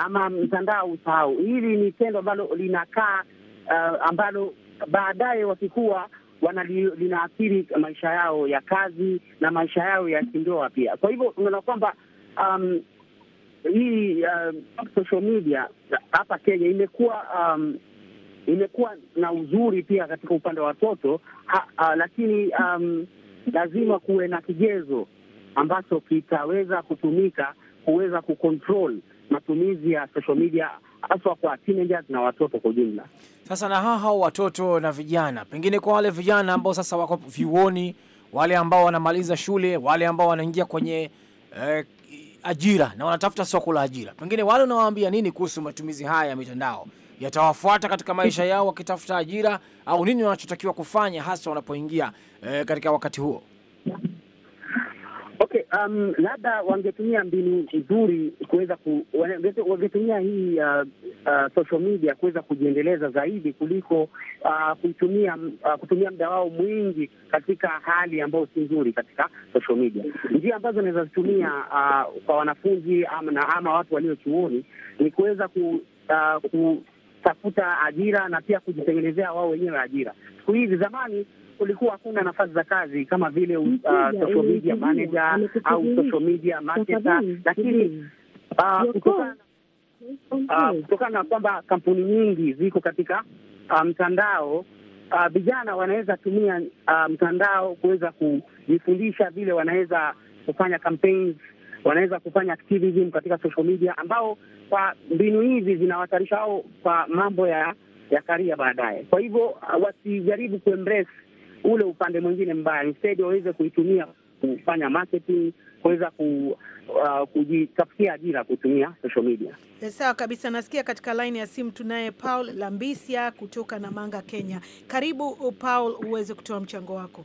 ama mtandao usahau. Hili ni tendo ambalo linakaa uh, ambalo baadaye wakikuwa linaathiri maisha yao ya kazi na maisha yao ya kindoa pia. Kwa hivyo unaona kwamba um, hii uh, social media hapa Kenya imekuwa um, imekuwa na uzuri pia katika upande wa watoto ha, ha, uh, lakini um, lazima kuwe na kigezo ambacho kitaweza kutumika kuweza kucontrol matumizi ya social media haswa kwa teenagers na watoto kwa ujumla. Sasa na hao hao watoto na vijana, pengine kwa wale vijana ambao sasa wako vyuoni, wale ambao wanamaliza shule, wale ambao wanaingia kwenye eh, ajira na wanatafuta soko la ajira, pengine wale unawaambia nini kuhusu matumizi haya ya mitandao? Yatawafuata katika maisha yao wakitafuta ajira, au nini wanachotakiwa kufanya hasa wanapoingia eh, katika wakati huo? Okay, um, labda wangetumia mbinu nzuri kuweza ku, wangetumia hii uh, uh, social media kuweza kujiendeleza zaidi kuliko uh, kutumia uh, kutumia muda wao mwingi katika hali ambayo si nzuri katika social media. Njia ambazo naweza zitumia uh, kwa wanafunzi ama, na ama watu walio chuoni ni kuweza ku, uh, ku tafuta ajira na pia kujitengenezea wao wenyewe ajira. Siku hizi, zamani kulikuwa hakuna nafasi za kazi kama vile uh, social media manager au social media marketer, lakini uh, kutokana uh, na kwamba kampuni nyingi ziko katika uh, mtandao uh, vijana uh, wanaweza tumia uh, mtandao kuweza kujifundisha vile wanaweza kufanya campaigns, wanaweza kufanya activism katika social media, ambao kwa mbinu hizi zinawatarisha ao kwa mambo ya ya karia baadaye. Kwa hivyo uh, wasijaribu kuembrace ule upande mwingine mbaya, instead waweze kuitumia kufanya marketing, kuweza ku, uh, kujitafutia ajira kutumia social media. Eh, sawa kabisa. Nasikia katika line ya simu tunaye Paul Lambisia kutoka Namanga, Kenya. Karibu uh, Paul, uweze kutoa mchango wako.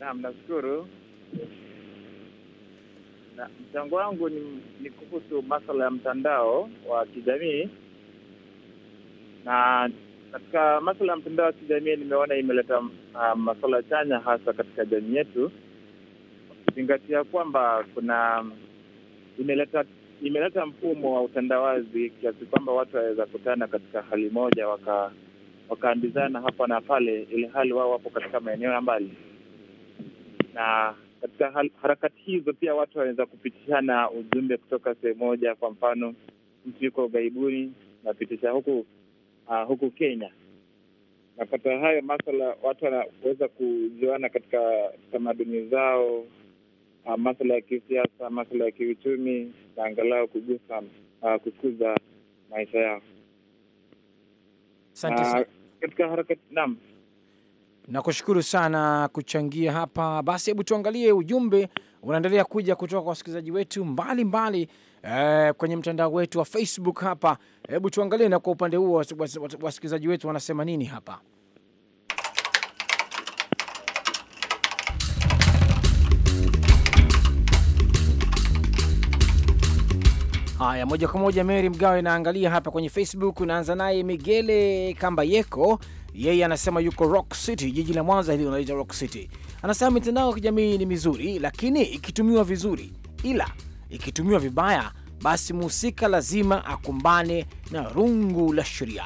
Naam, nashukuru na mchango wangu ni, ni kuhusu masuala ya mtandao wa kijamii na katika masuala ya mtandao wa kijamii, nimeona imeleta uh, um, masuala chanya hasa katika jamii yetu, ukizingatia kwamba kuna imeleta imeleta mfumo wa utandawazi kiasi kwamba watu waweza kutana katika hali moja waka wakaambizana hapa na pale, ili hali wao wapo katika maeneo ya mbali. Na katika harakati hizo pia watu wanaweza kupitishana ujumbe kutoka sehemu moja, kwa mfano mtu yuko ughaibuni, napitisha huku uh, huku Kenya. Napata hayo masala watu wanaweza kujuana katika tamaduni zao, uh, ah, masala ya kisiasa, masala ya kiuchumi, na angalau kugusa, uh, kukuza maisha yao. Uh, katika harakati naam. Nakushukuru sana kuchangia hapa. Basi hebu tuangalie ujumbe unaendelea kuja kutoka kwa wasikilizaji wetu mbalimbali mbali, eh, e, kwenye mtandao wetu wa Facebook hapa. Hebu tuangalie na kwa upande huo wasikilizaji wetu wanasema nini hapa. Haya, moja kwa moja Mary Mgawe naangalia hapa kwenye Facebook. Unaanza naye Migele Kambayeko yeye anasema yuko Rock City, jiji la Mwanza hili wanaita Rock City. Anasema mitandao ya kijamii ni mizuri, lakini ikitumiwa vizuri, ila ikitumiwa vibaya, basi mhusika lazima akumbane na rungu la sheria.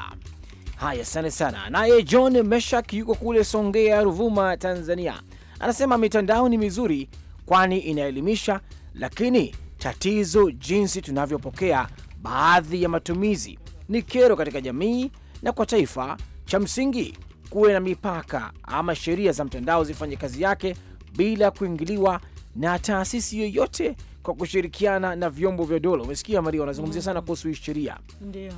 Haya, asante sana. Naye John Meshak yuko kule Songea, Ruvuma, Tanzania, anasema mitandao ni mizuri, kwani inaelimisha, lakini tatizo jinsi tunavyopokea baadhi ya matumizi ni kero katika jamii na kwa taifa cha msingi kuwe na mipaka ama sheria za mtandao zifanye kazi yake bila kuingiliwa na taasisi yoyote kwa kushirikiana na vyombo vya dola. Umesikia Maria, wanazungumzia sana kuhusu hii sheria ndio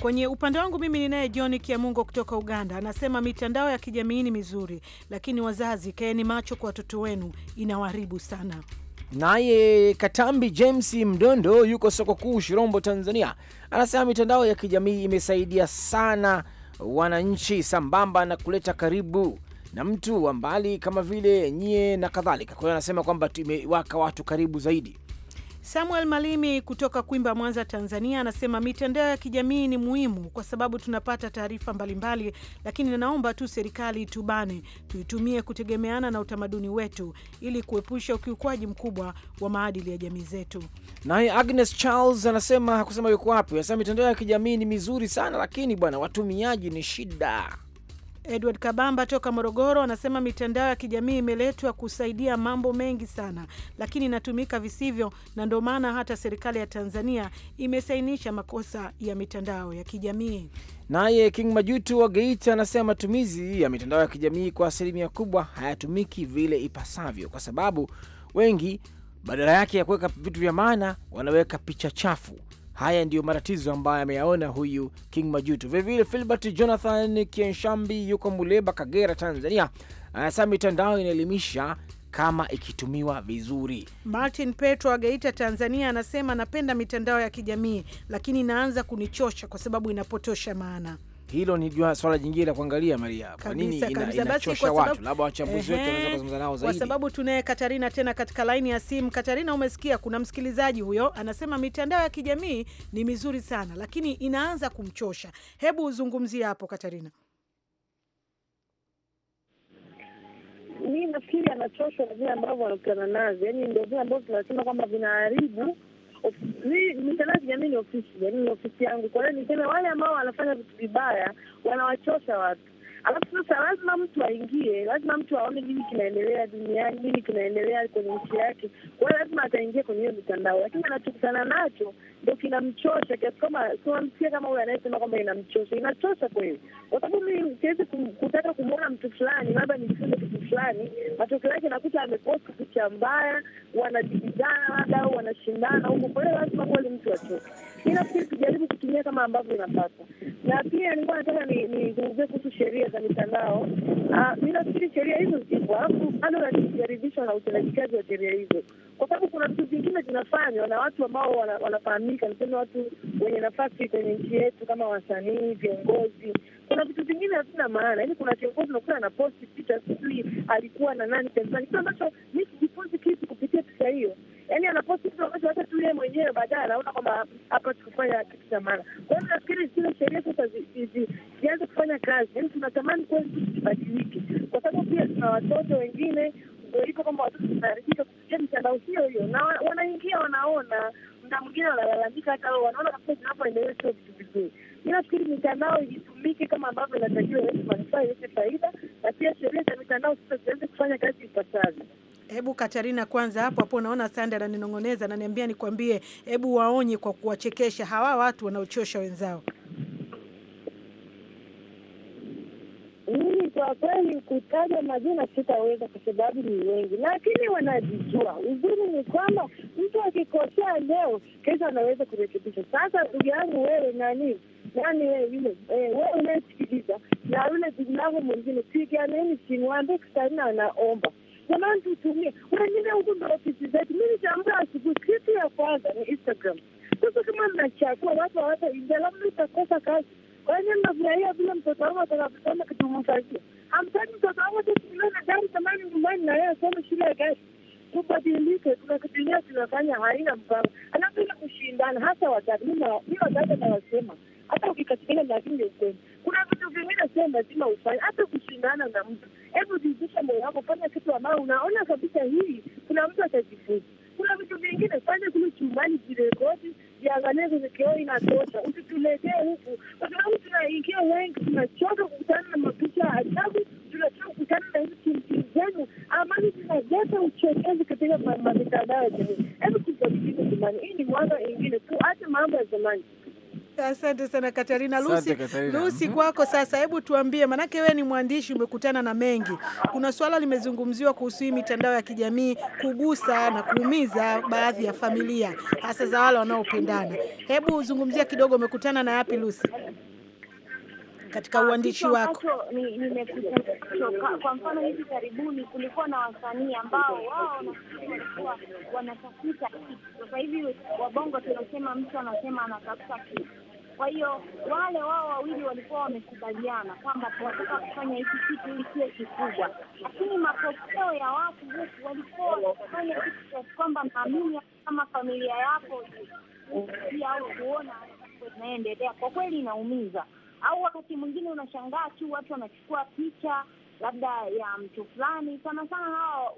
kwenye upande wangu mimi ninaye John Kiamungo kutoka Uganda, anasema mitandao ya kijamii ni mizuri, lakini wazazi, kaeni macho kwa watoto wenu, inawaharibu sana. Naye Katambi James Mdondo yuko soko kuu Shirombo, Tanzania, anasema mitandao ya kijamii imesaidia sana wananchi sambamba na kuleta karibu na mtu wa mbali kama vile nyie na kadhalika. Kwa hiyo anasema kwamba tumewaka watu karibu zaidi. Samuel Malimi kutoka Kwimba, Mwanza, Tanzania, anasema mitandao ya kijamii ni muhimu kwa sababu tunapata taarifa mbalimbali, lakini naomba tu serikali itubane, tuitumie kutegemeana na utamaduni wetu ili kuepusha ukiukwaji mkubwa wa maadili ya jamii zetu. Naye Agnes Charles anasema hakusema yuko wapi, anasema mitandao ya kijamii ni mizuri sana, lakini bwana, watumiaji ni shida. Edward Kabamba toka Morogoro anasema mitandao ya kijamii imeletwa kusaidia mambo mengi sana, lakini inatumika visivyo, na ndio maana hata serikali ya Tanzania imesainisha makosa ya mitandao ya kijamii. Naye King majutu wa Geita anasema matumizi ya mitandao ya kijamii kwa asilimia kubwa hayatumiki vile ipasavyo, kwa sababu wengi badala yake ya kuweka vitu vya maana wanaweka picha chafu Haya ndiyo matatizo ambayo ameyaona huyu King Majuto. Vilevile Filbert Jonathan Kienshambi yuko Muleba, Kagera, Tanzania, anasema ah, mitandao inaelimisha kama ikitumiwa vizuri. Martin Petro ageita Tanzania, anasema anapenda mitandao ya kijamii, lakini inaanza kunichosha kwa sababu inapotosha maana hilo ni jua swala jingine la kuangalia, Maria, kwa nini inachosha watu. Labda wachambuzi wetu wanaweza kuzungumza nao zaidi, kwa sababu tunaye Katarina tena katika laini ya simu. Katarina, umesikia kuna msikilizaji huyo anasema mitandao ya kijamii ni mizuri sana, lakini inaanza kumchosha. Hebu uzungumzie hapo, Katarina. Mi nafikiri anachoshwa na vile ambavyo wanakutana nazo, yaani ndio vile ambavyo tunasema kwamba vinaharibu mitandao ya kijamii ni ofisi, yaani ni ofisi yangu. Kwa hiyo niseme wale ambao wanafanya vitu vibaya wanawachosha watu Alafu sasa lazima mtu aingie, lazima mtu aone nini kinaendelea duniani, nini kinaendelea kwenye nchi yake. Kwa hiyo lazima ataingia kwenye hiyo mitandao, lakini anatukutana nacho ndo kinamchosha kiasi kwamba tunamsikia kama huyo anayesema kwamba inamchosha. Inachosha kweli, kwa sababu mi siwezi kutaka kumwona mtu fulani, labda nijifunze kitu fulani, matokeo yake nakuta ameposta picha mbaya, wanajibizana labda au wanashindana huko. Kwa hiyo lazima kweli mtu atoke. Mi nafikiri tujaribu kutumia kama ambavyo inapasa, na pia nilikuwa nataka ni, ni tuzungumzie kuhusu sheria za mitandao. Ah, mi nafikiri sheria hizo zipo, alafu bado najaribishwa na utendajikazi wa sheria hizo, kwa sababu kuna vitu vingine vinafanywa na watu ambao wanafahamika, niseme watu wenye nafasi kwenye nchi yetu kama wasanii, viongozi. Kuna vitu vingine havina maana, yaani kuna kiongozi unakuta posti picha, sijui alikuwa na nani kanisani, kitu ambacho mi sijifunzi kitu kupitia picha hiyo yaani anaposti kitu ambacho hata tu yeye mwenyewe baadaye anaona kwamba hapa tukufanya kitu cha maana. Kwa hiyo nafikiri zile sheria sasa kazi. Yaani tunatamani kweli kitu kibadilike, kwa sababu pia tuna watoto wengine, ndio iko kwamba watoto tunaharibika kupitia mitandao hiyo hiyo, na wanaingia wanaona, mda mwingine wanalalamika, hata wanaona kabisa zinapoendelea sio vitu vizuri. Mi nafikiri mitandao itumike kama ambavyo inatakiwa, iweze manufaa, iweze faida, na pia sheria za mitandao sasa ziweze kufanya kazi ipasavyo. Hebu Katarina, kwanza hapo hapo, naona Sande ananinong'oneza, ananiambia nikwambie, hebu waonye kwa kuwachekesha hawa watu wanaochosha wenzao. mimi kwa kweli kutaja majina sitaweza kwa sababu ni wengi, lakini wanajijua. Uzuri ni kwamba mtu akikosea leo, kesho anaweza kurekebisha. Sasa ndugu yangu wewe, nani nani, wewe yule eh, wewe unayesikiliza na yule ndugu yangu mwingine, piganeni simu, ambie kusaina anaomba jamani, tutumie wengine. Huku ndo ofisi zetu, mi nitaamka asubuhi, kitu ya kwanza ni Instagram. Sasa kama mnachagua watu hawataingia, labda utakosa kazi kwa hivyo nafurahia vile mtoto wangu atakapotenda kitumo chake. mtoto wangu tutulie na gari tamani nyumbani na yeye asome shule ya gari. Tubadilike, kuna kitu ingine tunafanya haina mpango. Alafu ile kushindana hasa wazazi, mi wazazi nawasema hata ukikatikana lakini ukweli. Kuna vitu vingine sio lazima ufanye, hata kushindana na mtu. Hebu jizisha moyo wako, fanya kitu ambayo unaona kabisa hii kuna mtu atajifunza. Kuna vitu vingine fanya kule chumbani, jirekodi, jiangalie kwenye kioo, inatosha. Usituletee huku Asante sana Katarina. Lucy, Lucy mhm. kwako sasa, hebu tuambie, manake wewe ni mwandishi, umekutana na mengi. Kuna swala limezungumziwa kuhusu hii mitandao ya kijamii kugusa na kuumiza baadhi ya familia, hasa za wale wanaopendana. Hebu zungumzia kidogo, umekutana na yapi Lucy? katika uandishi wako. Kwa mfano, hivi karibuni kulikuwa na wasanii ambao wao walikuwa wanatafuta kitu. Sasa hivi wabongo tunasema mtu anasema anatafuta kitu kwa hiyo wale wao wawili walikuwa wamekubaliana kwamba tunataka kufanya hiki kitu ili kiwe kikubwa, lakini matokeo ya watu huku walikuwa wakifanya kitu cha kwamba naamini kama familia yako ia au kuona inaendelea, kwa kweli inaumiza. Au wakati mwingine unashangaa tu watu wanachukua picha labda ya mtu fulani. Sana sana hawa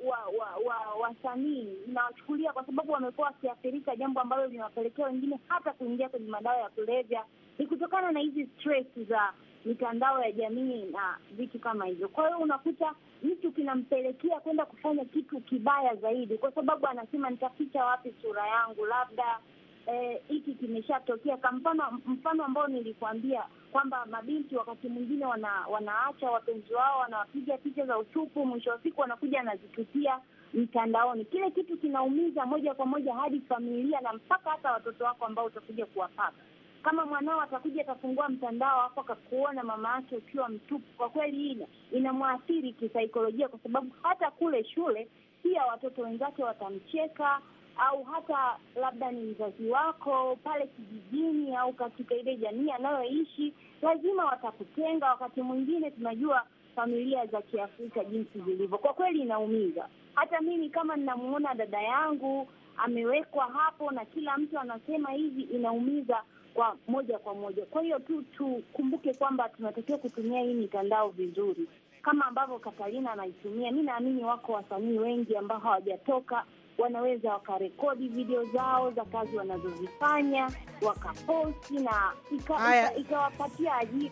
wasanii wa, wa, wa inawachukulia kwa sababu wamekuwa wakiathirika, jambo ambalo linawapelekea wengine hata kuingia kwenye madawa ya kulevya, ni kutokana na hizi stress za mitandao ya jamii na vitu kama hivyo. Kwa hiyo unakuta mtu kinampelekea kwenda kufanya kitu kibaya zaidi, kwa sababu anasema nitaficha wapi sura yangu, labda Eh, hiki eh, kimeshatokea. Kwa mfano mfano ambao nilikuambia kwamba mabinti wakati mwingine wana, wanaacha wapenzi wao, wanawapiga picha za utupu, mwisho wa siku wanakuja anazitupia mtandaoni. Kile kitu kinaumiza moja kwa moja hadi familia na mpaka hata watoto wako ambao utakuja kuwapaka. Kama mwanao atakuja atafungua mtandao wako akakuona mama yake ukiwa mtupu, kwa kweli hii inamwathiri kisaikolojia, kwa sababu hata kule shule pia watoto wenzake watamcheka, au hata labda ni mzazi wako pale kijijini au katika ile jamii anayoishi, lazima watakutenga. Wakati mwingine tunajua familia za Kiafrika jinsi zilivyo, kwa kweli inaumiza. Hata mimi kama ninamuona dada yangu amewekwa hapo na kila mtu anasema hivi, inaumiza kwa moja kwa moja. Kwa hiyo tu tukumbuke kwamba tunatakiwa kutumia hii mitandao vizuri, kama ambavyo Katarina anaitumia. Mi naamini wako wasanii wengi ambao hawajatoka wanaweza wakarekodi video zao za kazi wanazozifanya wakaposti na ikawapatia ajira.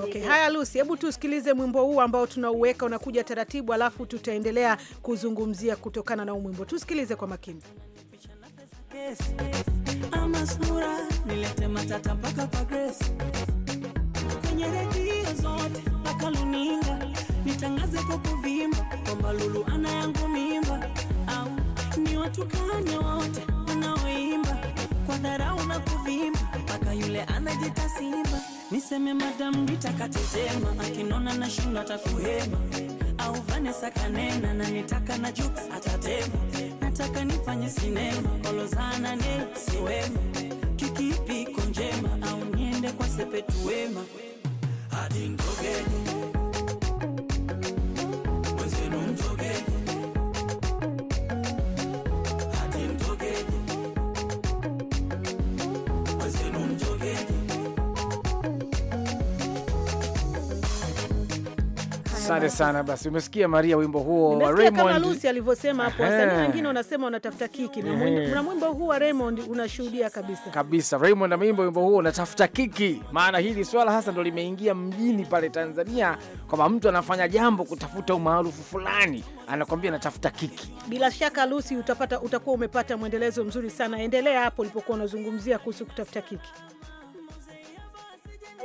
Okay. Haya Lucy, hebu tusikilize mwimbo huu ambao tunauweka unakuja taratibu, alafu tutaendelea kuzungumzia kutokana na huu mwimbo. Tusikilize kwa makini. Ama sura nilete matata mpaka kwa Grace kwenye redio zote mpaka luninga nitangaze kwa kuvimba kwamba Lulu ana yangu mimba au ni watukane wote wanaoimba kwa dharau na kuvimba, mpaka yule anajita simba. Niseme madamu Rita katetema, akinona na shindwa atakuhema, au vanesa kanena na nitaka na juk atatema, nataka nifanye sinema, Olozana ne siwema, kikipiko njema, au niende kwa sepetuwema hadi ndogeni Asante sana. Basi umesikia Maria, wimbo huo wa Raymond kama Lucy alivyosema hapo. Wasanii wengine wanasema wanatafuta kiki na na mwimbo huu wa Raymond unashuhudia kabisa kabisa. Raymond ameimba wimbo huo unatafuta kiki, maana hili swala hasa ndo limeingia mjini pale Tanzania, kwamba mtu anafanya jambo kutafuta umaarufu fulani, anakwambia natafuta kiki. Bila shaka Lucy, utapata utakuwa umepata mwendelezo mzuri sana. Endelea hapo ulipokuwa unazungumzia kuhusu kutafuta kiki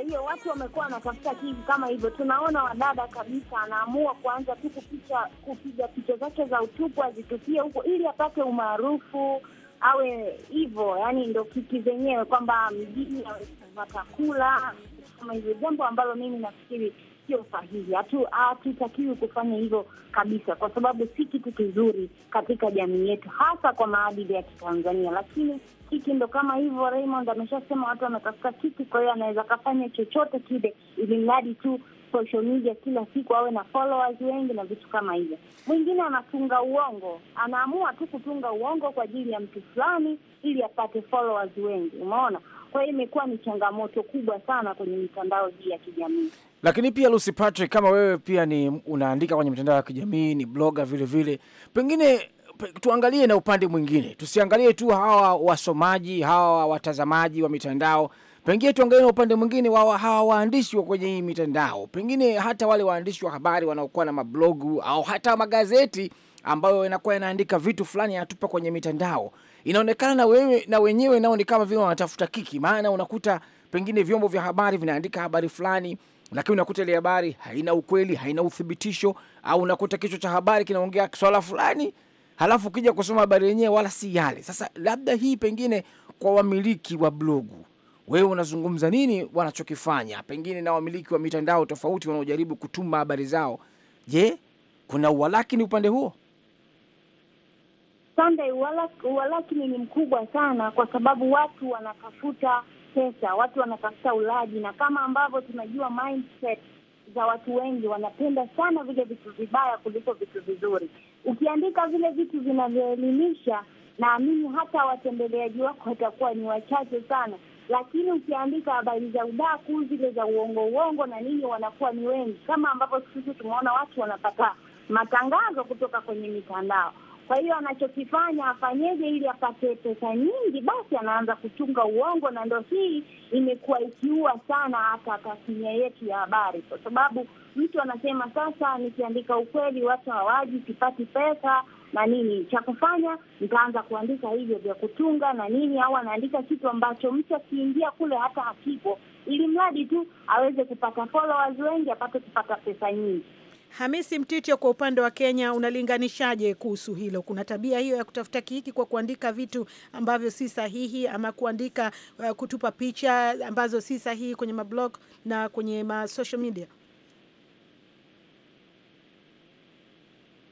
hiyo watu wamekuwa wanatafuta kivu kama hivyo. Tunaona wadada kabisa anaamua kuanza tu kupicha kupiga picha zake za utupu azitupie huko ili apate umaarufu awe hivyo, yani ndo kiki zenyewe kwamba mjini kula kama hivyo, jambo ambalo mimi nafikiri sio sahihi. Hatutakiwi kufanya hivyo kabisa, kwa sababu si kitu kizuri katika jamii yetu, hasa kwa maadili ya Kitanzania. Lakini kiki ndo kama hivyo, Raymond ameshasema watu wametafuta kiki, kwa hiyo anaweza akafanya chochote kile, ili mradi tu social media kila siku awe na followers wengi na vitu kama hivyo. Mwingine anatunga uongo, anaamua tu kutunga uongo kwa ajili ya mtu fulani ili apate followers wengi, umeona? Kwa hiyo imekuwa ni changamoto kubwa sana kwenye mitandao hii ya kijamii. Lakini pia Lucy Patrick, kama wewe pia ni unaandika kwenye mitandao ya kijamii, ni bloga vile vile, pengine tuangalie na upande mwingine, tusiangalie tu hawa wasomaji hawa watazamaji wa mitandao, pengine tuangalie na upande mwingine wa hawa waandishi wa kwenye hii mitandao, pengine hata wale waandishi wa habari wanaokuwa na mablogu au hata magazeti ambayo inakuwa inaandika vitu fulani yanatupa kwenye mitandao. Inaonekana na wewe na wenyewe nao ni kama vile wanatafuta kiki, maana unakuta pengine vyombo vya habari vinaandika habari fulani lakini unakuta ile habari haina ukweli, haina uthibitisho, au unakuta kichwa cha habari kinaongea swala fulani, halafu ukija kusoma habari yenyewe wala si yale. Sasa labda hii pengine kwa wamiliki wa blogu, wewe unazungumza nini wanachokifanya, pengine na wamiliki wa mitandao tofauti wanaojaribu kutuma habari zao. Je, kuna uwalakini upande huo? Sunday, uwalakini ni mkubwa sana, kwa sababu watu wanatafuta pesa, watu wanatafuta ulaji, na kama ambavyo tunajua mindset za watu wengi wanapenda sana vile vitu vibaya kuliko vitu vizuri. Ukiandika vile vitu vinavyoelimisha, naamini hata watembeleaji wako watakuwa ni wachache sana, lakini ukiandika habari za udaku, zile za uongo uongo na nini, wanakuwa ni wengi, kama ambavyo sisi tumeona watu wanapata matangazo kutoka kwenye mitandao. Kwa hiyo anachokifanya afanyeje ili apate pesa nyingi? Basi anaanza kuchunga uongo, na ndo hii imekuwa ikiua sana hata tasnia yetu ya habari, kwa sababu mtu anasema sasa, nikiandika ukweli watu hawaji, sipati pesa na nini cha kufanya, nitaanza kuandika hivyo vya kutunga na nini, au anaandika kitu ambacho mtu akiingia kule hata hakipo, ili mradi tu aweze kupata followers wengi, apate kupata pesa nyingi. Hamisi Mtitio, kwa upande wa Kenya unalinganishaje kuhusu hilo? Kuna tabia hiyo ya kutafuta kiiki kwa kuandika vitu ambavyo si sahihi ama kuandika uh, kutupa picha ambazo si sahihi kwenye mablog na kwenye ma social media?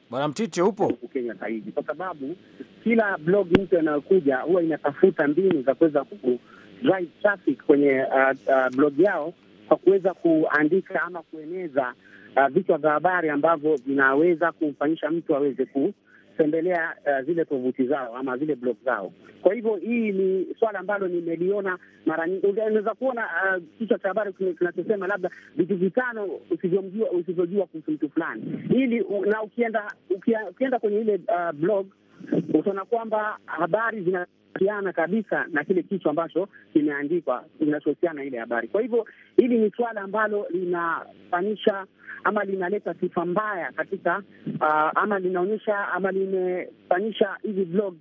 Bwana Mtitio, upo Kenya zaidi, kwa sababu kila blog mtu anayokuja huwa inatafuta mbinu za kuweza ku drive traffic kwenye uh, uh, blog yao kwa kuweza kuandika ama kueneza uh, vichwa vya habari ambavyo vinaweza kumfanyisha mtu aweze kutembelea uh, zile tovuti zao ama zile blog zao. Kwa hivyo hii ni swala ambalo nimeliona mara nyingi. Unaweza kuona uh, kichwa uh, cha habari kinachosema labda vitu vitano usivyomjua usivyojua kuhusu mtu fulani, ili na ukienda ukienda kwenye ile uh, blog utaona kwamba habari zina kutofautiana kabisa na kile kitu ambacho kimeandikwa kinachohusiana ile habari. Kwa hivyo hili ni suala ambalo linafanisha ama linaleta sifa mbaya katika uh, ama linaonyesha ama limefanyisha hizi blog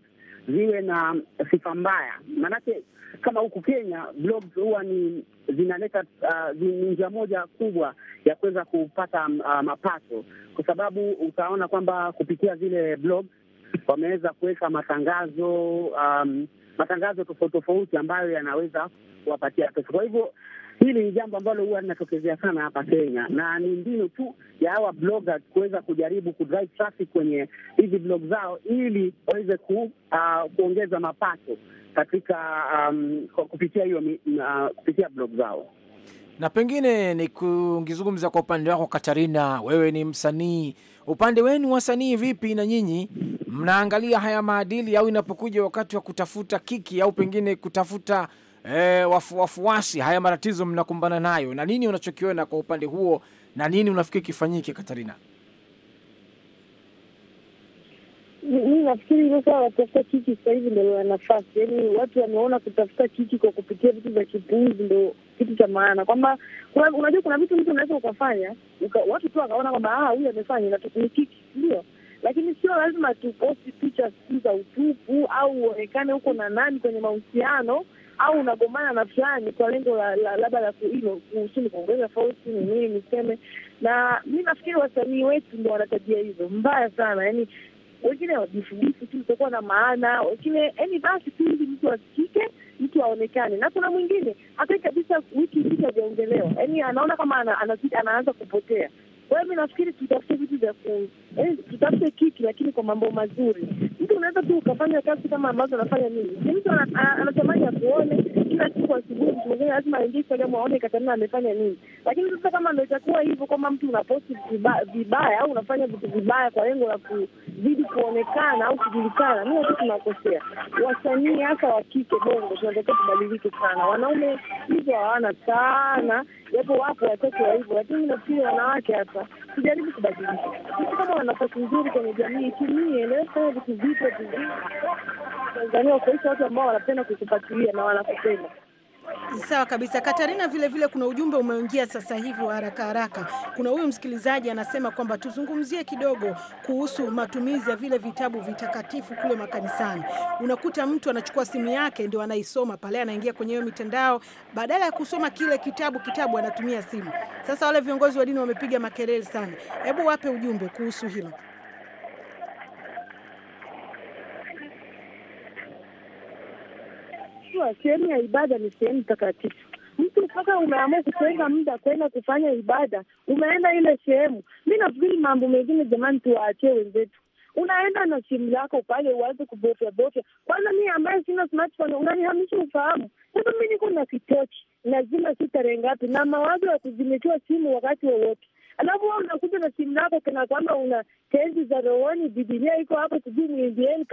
ziwe na sifa mbaya, maanake kama huku Kenya blogs huwa ni zinaleta uh, ni njia moja kubwa ya kuweza kupata uh, mapato, kwa sababu utaona kwamba kupitia zile blogs wameweza kuweka matangazo um, matangazo tofauti tofauti ambayo yanaweza kuwapatia pesa. Kwa hivyo hili ni jambo ambalo huwa linatokezea sana hapa Kenya, na ni mbinu tu ya hawa bloggers kuweza kujaribu kudrive traffic kwenye hizi blog zao ili waweze ku, uh, kuongeza mapato katika um, kupitia hiyo uh, kupitia blog zao. Na pengine ni kungizungumza kwa upande wako Katarina, wewe ni msanii Upande wenu wasanii vipi, na nyinyi mnaangalia haya maadili au inapokuja wakati wa kutafuta kiki au pengine kutafuta e, wafu, wafuasi, haya matatizo mnakumbana nayo na nini unachokiona kwa upande huo na nini unafikiri kifanyike, Katarina? mi nafikiri hilo swala kiki sasa hivi ndo lina nafasi, yani, watu wameona kutafuta kiki kwa kupitia vitu vya kipuuzi ndo kitu cha maana, kwamba unajua kuna vitu mtu unaweza ukafanya watu tu wakaona kwamba ah, huyu amefanya ni kiki, ndio lakini sio lazima tuposti picha siku za utupu au uonekane huko na nani kwenye mahusiano au unagombana na fulani kwa lengo la labda la kuhusuni kuongeza fauti ni nini niseme. Na mi nafikiri wasanii wetu ndo wanatabia hizo mbaya sana, yani wengine wajifunisi tu itakuwa na maana, wengine yani basi tu mtu asikike, mtu aonekane. Na kuna mwingine hata kabisa wiki mbili hajaongelewa, yani anaona kama ana, ana, anaanza kupotea. Kwa hiyo mi nafikiri tutafute vitu vya ku, tutafute kiki, lakini kwa mambo mazuri. Mtu unaweza tu ukafanya kazi kama ambazo anafanya mimi, mtu anatamani akuone kila siku asubuhi mtu mwingine lazima aingie Instagram aone Katana amefanya nini. Lakini sasa kama ndo itakuwa hivyo, kama mtu unaposti vibaya au unafanya vitu vibaya kwa lengo la kuzidi kuonekana au kujulikana, mi watu tunakosea. Wasanii hasa wa kike Bongo tunatakiwa tubadilike sana. Wanaume hizo hawana sana, japo wapo wachache wa hivyo, lakini nafikiri wanawake hasa tujaribu kubadilika. Kama wana nafasi nzuri kwenye jamii, tumie, fanya vitu vipya vizuri. Tanzania kuishi watu ambao wanapenda kukufuatilia na wanakupenda. Sawa kabisa Katarina, vile vile kuna ujumbe umeingia sasa hivi wa haraka haraka. Kuna huyu msikilizaji anasema kwamba tuzungumzie kidogo kuhusu matumizi ya vile vitabu vitakatifu kule makanisani. Unakuta mtu anachukua simu yake ndio anaisoma pale, anaingia kwenye hiyo mitandao, badala ya kusoma kile kitabu kitabu anatumia simu. Sasa wale viongozi wa dini wamepiga makelele sana. Hebu wape ujumbe kuhusu hilo. Unajua, sehemu ya ibada ni sehemu takatifu. Mtu mpaka umeamua kutenga muda kwenda kufanya ibada, umeenda ile sehemu. Mi nafikiri mambo mengine, jamani, tuwaachie wenzetu. Unaenda na simu yako pale uanze kubofyabofya. Kwanza mi ambaye sina smartphone, unanihamisha ufahamu. Sasa mi niko na kitochi, nazima sitarengapi na mawazo ya kuzimitiwa simu wakati wowote wa alafu wao unakuja na simu yako kana kwamba una tenzi za rohoni, Bibilia iko hapo, sijui mwimbieni,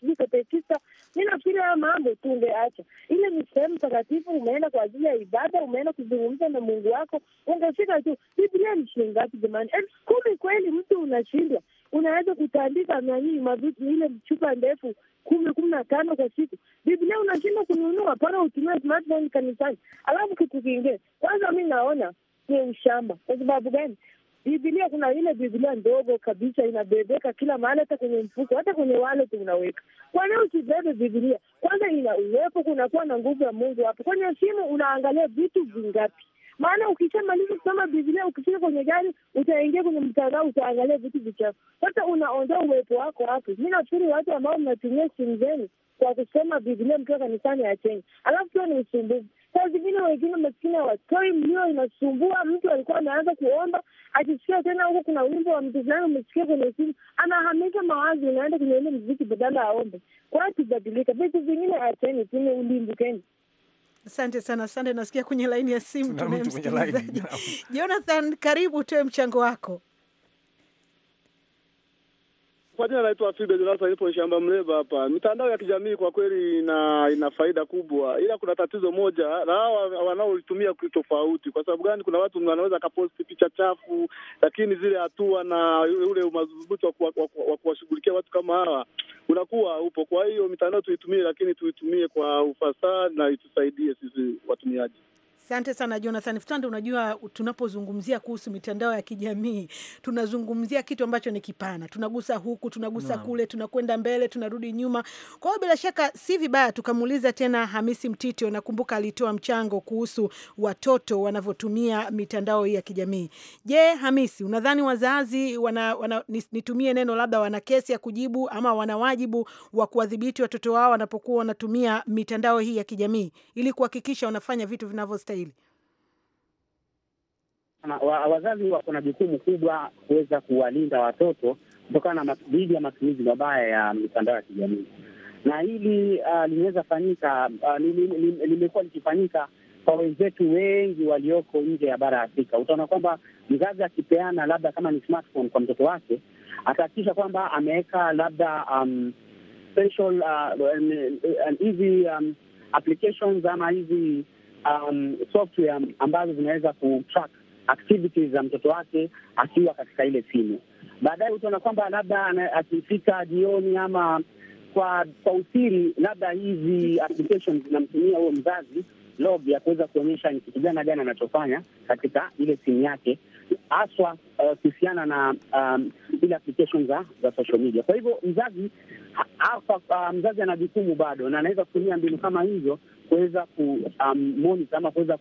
sijui katekista. Mi nafikiri haya mambo tungeacha. Ile ni sehemu takatifu, umeenda kwa ajili ya ibada, umeenda kuzungumza na Mungu wako, ungefika tu. Bibilia ni shilingi ngapi jamani? Elfu kumi kweli mtu unashindwa unaweza kutandika nani mavitu ile chupa ndefu kumi kumi na tano kwa siku. Biblia unashinda kununua pana utumia smartphone kanisani, alafu kitu kingine. Kwanza mi naona ni ushamba. Kwa sababu gani? Biblia kuna ile Biblia ndogo kabisa inabebeka kila mahali, hata kwenye mfuko, hata kwenye wallet unaweka. Kwa nini usibebe Biblia? Kwanza ina uwepo, kunakuwa na nguvu ya Mungu hapo. Kwenye simu unaangalia vitu vingapi? maana ukishamaliza kusoma Biblia ukifika kwenye gari utaingia kwenye mtandao utaangalia vitu vichafu. Sasa unaondoa uwepo wako hapo. Mi nafikiri watu ambao mnatumia simu zenu kwa kusoma Biblia mkiwa kanisani acheni, alafu pia ni usumbufu. Saa zingine wengine masikini hawatoi mlio, inasumbua mtu. Alikuwa ameanza kuomba akisikia tena huko kuna wimbo wa mtu fulani umesikia kwenye simu, anahamisha mawazo, unaenda kwenye ule mziki badala aombe. Kwa tubadilika, vitu vingine acheni, tini ulimbukeni. Asante sana Sande, nasikia kwenye laini ya simu tunaye msikilizaji Jonathan, karibu utoe mchango wako. Kwa jina naitwa Fibe Jonasa, nipo shamba mleba hapa. Mitandao ya kijamii kwa kweli ina ina faida kubwa, ila kuna tatizo moja na hawa wanaoitumia tofauti. Kwa sababu gani? Kuna watu wanaweza akaposti picha chafu, lakini zile hatua na ule umadhubuti wa kuwashughulikia watu kama hawa unakuwa upo. Kwa hiyo mitandao tuitumie, lakini tuitumie kwa ufasaha na itusaidie sisi watumiaji. Asante sana Jonathan Ftande. Unajua, tunapozungumzia kuhusu mitandao ya kijamii tunazungumzia kitu ambacho ni kipana, tunagusa huku, tunagusa no. kule, tunakwenda mbele, tunarudi nyuma. Kwa hiyo bila shaka si vibaya tukamuuliza tena Hamisi Mtito. Nakumbuka alitoa mchango kuhusu watoto wanavyotumia mitandao hii ya kijamii. Je, Hamisi, unadhani wazazi wana, wana, nitumie neno labda, wana kesi ya kujibu ama wana wajibu wa kuwadhibiti watoto wao wanapokuwa wanatumia mitandao hii ya kijamii ili kuhakikisha wanafanya vitu vinavyostahili? hili? Wazazi wako na jukumu kubwa kuweza kuwalinda watoto kutokana na dhidi ya matumizi mabaya ya mitandao ya kijamii, na hili uh, limeweza fanyika uh, limekuwa likifanyika kwa wenzetu wengi walioko nje ya bara ya Afrika. Utaona kwamba mzazi akipeana labda kama ni smartphone kwa mtoto wake, atahakikisha kwamba ameweka labda um, special ah, um, eh, hizi uh, um, applications ama hizi um, software ambazo zinaweza kutrack activities za mtoto wake akiwa katika ile simu. Baadaye utaona kwamba labda akifika jioni ama kwa kwa usiri, labda hizi applications zinamtumia huyo mzazi log ya kuweza kuonyesha ni kitu gani gani anachofanya katika ile simu yake haswa uh, kuhusiana na um, ile application za, za social media. Kwa hivyo mzazi hapa, uh, mzazi ana jukumu bado na anaweza kutumia mbinu kama hizo kuweza kumonita um, ama kuweza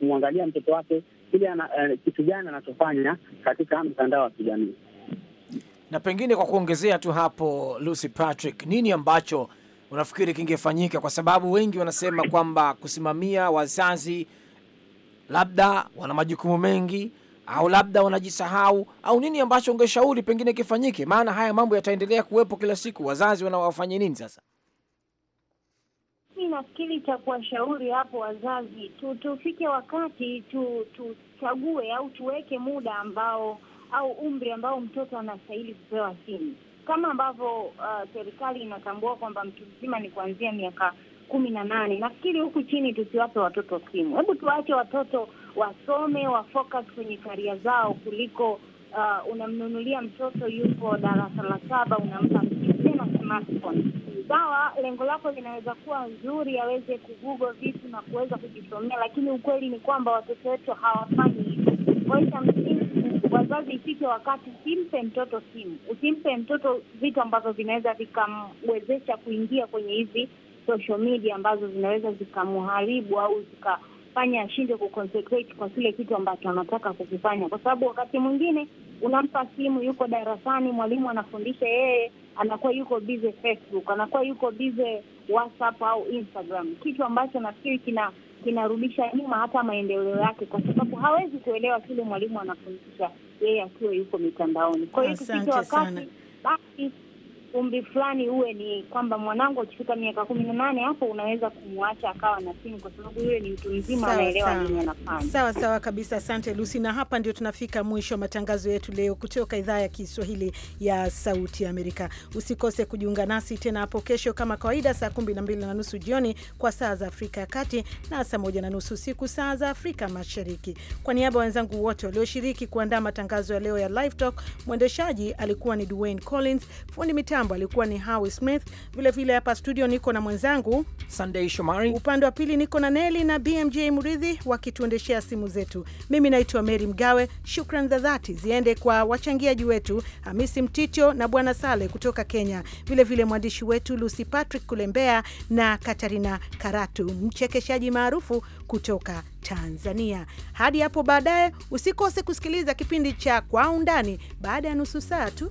kumwangalia mtoto wake kile eh, kitu gani anachofanya katika mtandao wa kijamii. Na pengine kwa kuongezea tu hapo, Lucy Patrick, nini ambacho unafikiri kingefanyika? Kwa sababu wengi wanasema kwamba kusimamia wazazi labda wana majukumu mengi au labda wanajisahau au nini ambacho ungeshauri pengine kifanyike? Maana haya mambo yataendelea kuwepo kila siku, wazazi wanawafanye nini sasa? Mi nafikiri cha kuwashauri hapo wazazi tu, tufike wakati tu, tuchague au tuweke muda ambao au umri ambao mtoto anastahili kupewa simu kama ambavyo uh, serikali uh, inatambua kwamba mtu mzima ni kuanzia miaka kumi na nane. Nafikiri huku chini tusiwape watoto simu. Hebu tuwache watoto wasome, wafocus kwenye karia zao kuliko uh, unamnunulia mtoto yupo darasa la saba unampa mchezea smartphone sawa, lengo lako linaweza kuwa nzuri, aweze kugugo vitu na kuweza kujisomea, lakini ukweli ni kwamba watoto wetu hawafanyi hivyo. wazazi, ifike wakati usimpe mtoto simu, usimpe mtoto vitu ambavyo vinaweza vikamwezesha kuingia kwenye hizi social media ambazo zinaweza zikamuharibu au zika kumfanya ashinde kuconcentrate kwa kile kitu ambacho anataka kukifanya, kwa sababu wakati mwingine unampa simu, yuko darasani, mwalimu anafundisha, yeye anakuwa yuko busy Facebook, anakuwa yuko busy WhatsApp au Instagram, kitu ambacho nafikiri kina kinarudisha nyuma hata maendeleo yake, kwa sababu hawezi kuelewa kile mwalimu anafundisha yeye akiwa yuko mitandaoni. Kwa hiyo tukicha wakati basi umri fulani uwe ni kwamba mwanangu akifika miaka kumi na nane hapo unaweza kumwacha akawa na simu, kwa sababu yule ni mtu mzima, anaelewa nini anafanya. Sawa sawa kabisa, asante Lucy. Na hapa ndio tunafika mwisho wa matangazo yetu leo kutoka idhaa ya Kiswahili ya Sauti ya Amerika. Usikose kujiunga nasi tena hapo kesho kama kawaida, saa kumi na mbili na nusu jioni kwa saa za Afrika ya Kati na saa moja na nusu usiku saa za Afrika Mashariki. Kwa niaba ya wenzangu wote walioshiriki kuandaa matangazo ya leo ya Live Talk, mwendeshaji alikuwa ni Dwayne Collins, fundi mitaa mitambo alikuwa ni Howie Smith. Vilevile hapa studio niko na mwenzangu sandei Shomari, upande wa pili niko na Neli na BMJ mridhi wakituendeshea simu zetu. Mimi naitwa meri Mgawe. Shukran za dhati ziende kwa wachangiaji wetu Hamisi Mtito na Bwana Sale kutoka Kenya, vilevile mwandishi wetu Lucy Patrick Kulembea na Katarina Karatu, mchekeshaji maarufu kutoka Tanzania. Hadi hapo baadaye, usikose kusikiliza kipindi cha Kwa Undani baada ya nusu saa tu.